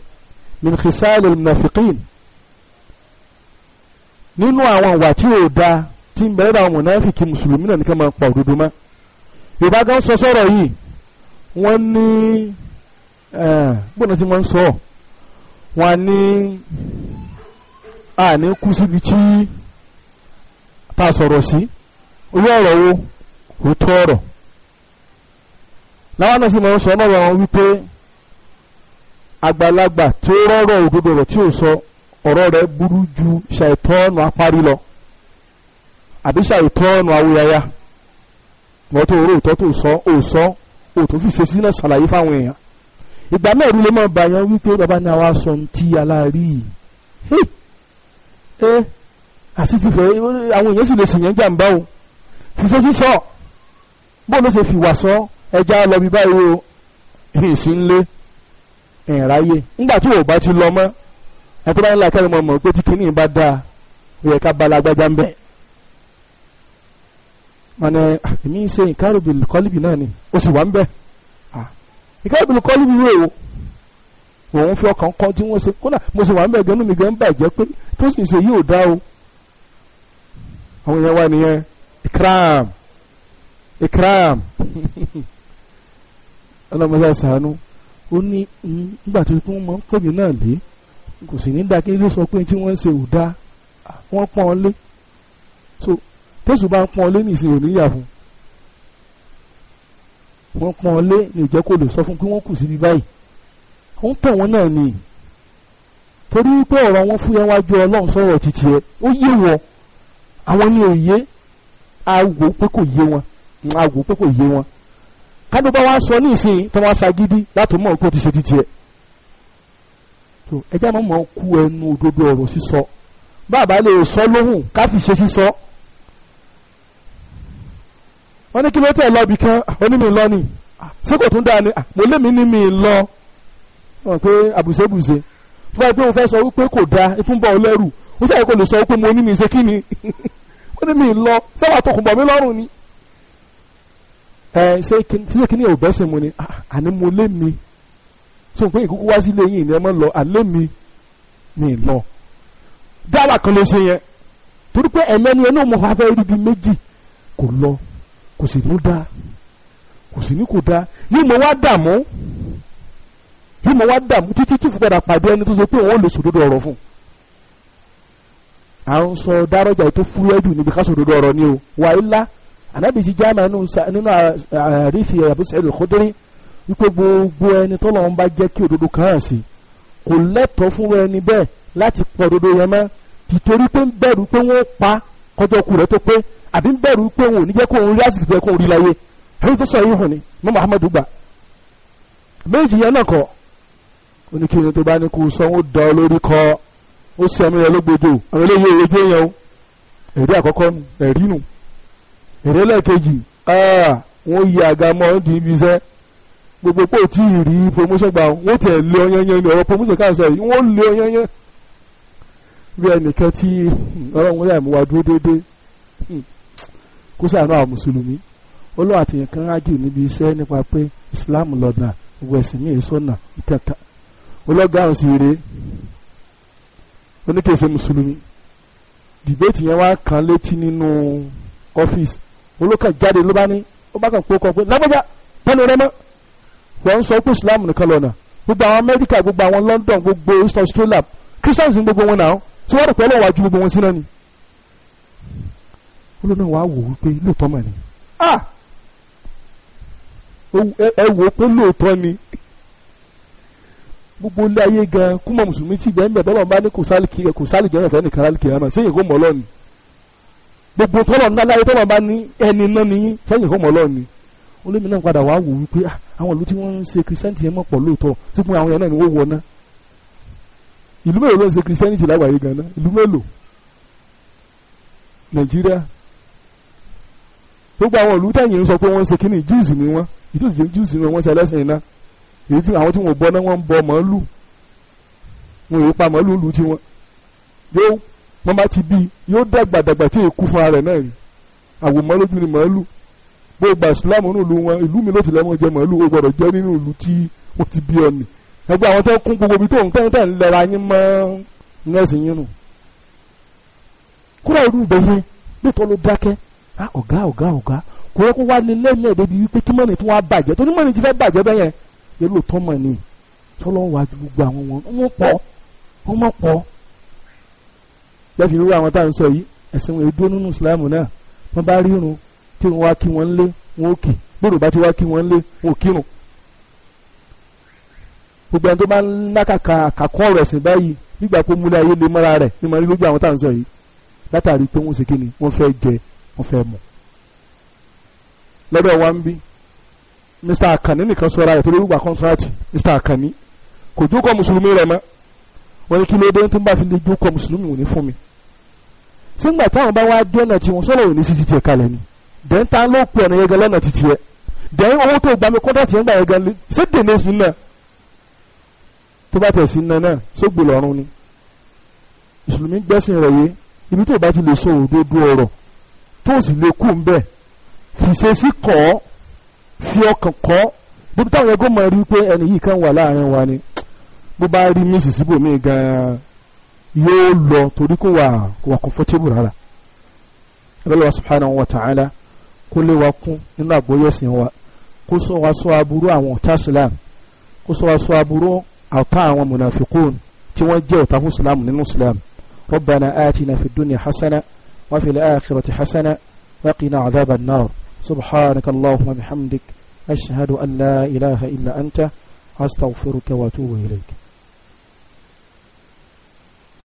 Speaker 1: min khisal almunafiqin nínú àwọn wàtí ò dáa tí ń bẹ̀rẹ̀ àwọn mọ̀náfìkì mùsùlùmí náà nìkan máa pa òdodo mọ́ yorùbá gan sọ sọ̀rọ̀ yìí wọ́n ní gbọ́dọ̀ eh, tí wọ́n ń sọ wọ́n ní àní kú síbi tí tá a sọ̀rọ̀ sí owó ọ̀rọ̀ wo kò tó ọ̀rọ̀ láwọn náà sì máa ń sọ ọlọ́run àwọn wípé àgbàlagbà tí ó rọ́rọ̀ òdodo rẹ̀ tí ò sọ ọ̀rọ̀ rẹ̀ burú ju ṣàìtọ́nù apárí lọ àbíṣà ìtọ́nù awuyaya wọ́n tó oró ìtọ́ tó sọ ò sọ ò tó fi ṣesí náà ṣàlàyé fáwọn èèyàn ìgbà náà ìlú ló máa bá yẹn wípé bàbá ní àwa sọ ní ti aláàrí yìí ẹ àṣìṣe fẹ àwọn èèyàn sì lè sìn yẹn jàǹbá o fi ṣesí sọ bóun ló ṣe fìwà sọ ẹja lọ bí báyìí o ìsìn ń lé ìráyè nígbà tí wò bá ti lọ mọ́ ẹ tó bá ń la kẹ́rin mọ̀ pé tí kinní bá dáa ó yẹ ká bá ń bẹ̀ mane ni èmi ń ṣe ìkárùbìlì kọ́líbì náà ni ó sì wà ń bẹ̀ ìkárùbìlì kọ́líbì o òun fi ọkàn kan tí wọ́n ṣe kódà mo ṣe wà ń bẹ̀ gẹ́nu mi gẹ́ ń bàjẹ́ pé tó sì ṣe yìí ò o àwọn èèyàn wa nìyẹn ikram ikram ọlọ́mọdé sànú ó ní nígbà tó tún mọ́ pèmí náà lé kò sì ní dákẹ́ ló sọ pé tí wọ́n ń ṣe ò dá wọ́n pọ́n lé so tóṣù bá pọ́n ọ lé ní ìsìn òníyà fún wọ́n pọ́n ọ lé ní ìjẹ́ kó lè sọ fún pé wọ́n kù síbi báyìí wọ́n tàn wọ́n náà ni torí pé ọ̀rọ̀ wọn fún yẹn wájú ọlọ́run sọ̀rọ̀ títí ẹ ó yé wọ àwọn ní òye àgò pé kò yé wọn àgò pé kò yé wọn kádó bá wá sọ ní ìsìn tó wá ṣagídí láti mọ̀ kó ti ṣe títí ẹ̀ tó ẹjẹ́ máa mọ̀ kú ẹnu òdodo ọ̀rọ̀ sísọ bàbá lè sọ lóhùn káfí ṣe sísọ wọ́n ní kí ló tẹ̀ lọ́bì kan onímì lọ ni ah. ṣé kò tún dáa ni ah, mo lémi ní mi lọ wọn pé àbùṣebùṣe tó báyìí pé òun fẹ́ sọ wípé kò dáa ìfúnbọ̀ ọlẹ́rù ó sì àyẹ̀kọ́ lè sọ wípé mo ní mi ṣe kí ni ó ní mi lọ sábà tọkùn bọ̀ mí lọ́rùn ni ẹ ṣé kí ni ò bẹ́sẹ̀ mu ni ah, àní mo lémi tó ń pè ìkúkú wá sílé yìí ni ẹ mọ́ lọ àlé mi mi lọ dáwà kan ló ṣe yẹn torí pé ẹ̀mẹ́ni ẹ̀ náà mo fà fẹ́ rí bíi méjì kò lọ kò sì ní dáa kò sì ní kò dáa yóò mọ wá dààmú yóò mọ wá dààmú títí tí fún padà pàdé ẹni tó sọ pé òun lè sòdodo ọ̀rọ̀ fún à ń sọ dárọjà tó fúrú ẹdùn níbi ká sòdodo ọ̀rọ̀ ni o wà á lá ànábì sí jáàmà nínú àrífi Abu Sa'id al-Khudri wípé gbogbo ẹni tọ́lọ́run bá jẹ́ kí òdodo kan hàn sí kò lẹ́tọ̀ọ́ fún ẹni bẹ́ẹ̀ láti pọ̀ òdodo yẹn mọ́ tìtorí pé ń bẹ̀rù pé wọ́n pa kọjọ́ ku rẹ̀ tó pé àbí ń bẹ̀rù pé òun ò ní jẹ́ kó òun rí àsìkò tó yẹ kó òun rí láyé àbí tó sọ yìí hàn ní mọ́ Muhammadu gbà méjì yẹn náà kọ́ ó ní kí ni tó bá ní kó sọ ó dán lórí kọ́ ó sì ọmọ yẹn ló àwọn eléyìí èrè jẹ́ yẹn o èrè àkọ́kọ́ nu ẹ̀rí nu èrè lẹ́ẹ̀kejì ah, wọ́n yí àga mọ́ ọ́n dì í bí iṣẹ́ gbogbo pé ò tí rí promotion gbà wọ́n tẹ̀ lé ọyẹ́yẹ́ ní ọ̀rọ̀ promotion káàsọ̀ yìí wọ́n lé ọyẹ́yẹ́ bí ẹnìkan tí hmm, ọlọ́run láì mú wa dúró déédéé kó sàánú àwọn mùsùlùmí ó lọ́wọ́ àtìyàn kan rájù níbi iṣẹ́ nípa pé ìsìláàmù lọ́nà gbogbo ẹ̀sìn ní ìsọ̀nà ìkẹta olọ́gá àwọn sì rèé oníkèsè mùsùlùmí dìbẹ́tì yẹn wá kan létí nínú ọ́fíìsì olókàn jáde ló bá ní ó bá kàn pé ó kọ pé lágbájá pẹ́ẹ́nù rẹ mọ́ wọ́n ń sọ pé ìsìláàmù nìkan lọ́nà gbogbo àwọn Amẹ́ríkà gbogbo àwọn London gbogbo Australia Christians gbogbo wọn náà tí wọ́n rò pé ọlọ́wọ́ ju gbogbo wọn sí náà ni olú náà wàá wò wípé lóòótọ́ mà ni ah! ẹ wò ó pé lóòótọ́ ni gbogbo ilé ayé gan kúmọ̀ mùsùlùmí tí bẹ́ẹ̀ ń bẹ̀ bọ́lá ń bá ní kò sálì jẹ́rẹ̀ fẹ́ nìkan lálẹ́ kìlámà sẹ́yìn kò mọ̀ lọ́ọ̀ni gbogbo tọ́lọ̀ ńlá láyé tọ́lọ̀ bá ní ẹni náà nìyí sẹ́yìn kò mọ̀ lọ́ọ̀ni olómi náà padà wàá wò wípé ah, àwọn ìlú tí wọ́n ń ṣe kìrìsẹ́ǹtì yẹn mọ̀ pọ̀ lóòótọ́ tí fún àwọn yẹn náà ni wọ́n wọ náà ìlú mélòó ló ń ṣe kìrìsẹ́ǹtì lágbàáyé gan náà ìlú mélòó Nàìjíríà gbogbo àwọn ìlú tẹ̀yìn ń sọ pé wọ́n ń ṣe kínní jíùsì ni wọ́n ìtòsí jẹ́ jíùsì ni wọ́n ṣe ẹlẹ́sìn iná èyí tí àwọn tí wọ́n bọ́ náà wọ́n ń bọ màálù wọn èyí pa màálù lù tí wọ́n yóò wọ́n bá ti bí yóò dàgbà dàgbà tí èkú fún ara rẹ̀ náà rí àwòmọ́ lójú ni màálù gbogbo àsìlámù nínú ìlú wọn ìlú mi ló ti lẹ́mọ̀ jẹ màálù o gbọ́dọ̀ jẹ́ nínú ìlú tí wọ́n ti bí ọ nì ẹgbẹ́ àwọn tó kún gbogbo ibi tó ń tẹ́ ń tẹ́ ń lẹ́ra yín mọ́ nọ́ọ̀sì yín nù kúrò ìlú ìbẹ̀yìn bí tó ló dákẹ́ Ah, ọ̀gá ọ̀gá ọ̀gá kò yẹ kó wá lé lẹ́yìn ẹ̀dẹ́bi wípé kí mọ́ni tí wọ́n á bàjẹ́ tó ní mọ́ni ti fẹ́ bàjẹ́ bẹ́ẹ̀ yẹn yẹn ló tọ́ mọ̀ ni tọ́lọ́ wá ju gbogbo àwọn wọn wọ́n pọ̀ wọ́n pọ̀ lẹ́bi irú àwọn tá à ń sọ yìí ẹ̀sìn wọn èdè nínú ìsìlámù náà wọ́n bá rí irun tí wọ́n wá kí wọ́n ń lé wọn ò kì bóòrò bá ti wá kí wọ́n ń lé wọn ò kírun gbogbo ẹni tó bá ń lákàkà látàrí pé wọ́n ṣe kí ni wọ́n fẹ́ jẹ wọ́n fẹ́ mọ̀ lọ́dọ̀ wa bí mr akànní nìkan sọra rẹ̀ torí gbogbo àkọ́ntrátì mr akànní kò jókòó mùsùlùmí rẹ̀ mọ́ wọ́n ní kí ló dé tó ń bá fi lè jókòó mùsùlùmí wò ní fún mi sígbà táwọn bá wá dé ọ̀nà tí wọ́n sọ̀rọ̀ òní sí ti tiẹ̀ kalẹ̀ ni dẹ́n tá ló pè ọ̀nà yẹn gan lọ́nà ti tiẹ̀ dẹ́n owó tó gbà mí kọ́ńtàtì yẹn gbà yẹn lé ṣé dènà sí náà tó bá tẹ̀ sí náà náà sógbè lọ́rùn ni mùsùlùmí gbẹ́sìn rẹ̀ yé ibi tó bá ti lè sọ òdodo ọ̀rọ̀ tó o sì lè kú ń bẹ̀ fìṣesí kọ́ fi ọkàn kọ́ bíbi táwọn ẹgbẹ́ mọ̀ rí pé ẹni yìí kan wà láàrin wa ni bó bá rí mí sì síbò mí gan-an yóò lọ torí kó wà kó wà comfortable rárá abẹ́lẹ́wà subhanahu wa ta'ala kó lé wa kún nínú àgbóyẹ̀sìn wa kó sọ wa sọ aburú àwọn ọ̀tá islam kó sọ wa sọ aburú ọ̀tá àwọn munafikun tí wọ́n jẹ́ ọ̀tá fún islam nínú islam rabbana atina fid dunya hasana. وفي الآخرة حسنة وقنا عذاب النار سبحانك اللهم بحمدك أشهد أن لا إله إلا أنت أستغفرك وأتوب إليك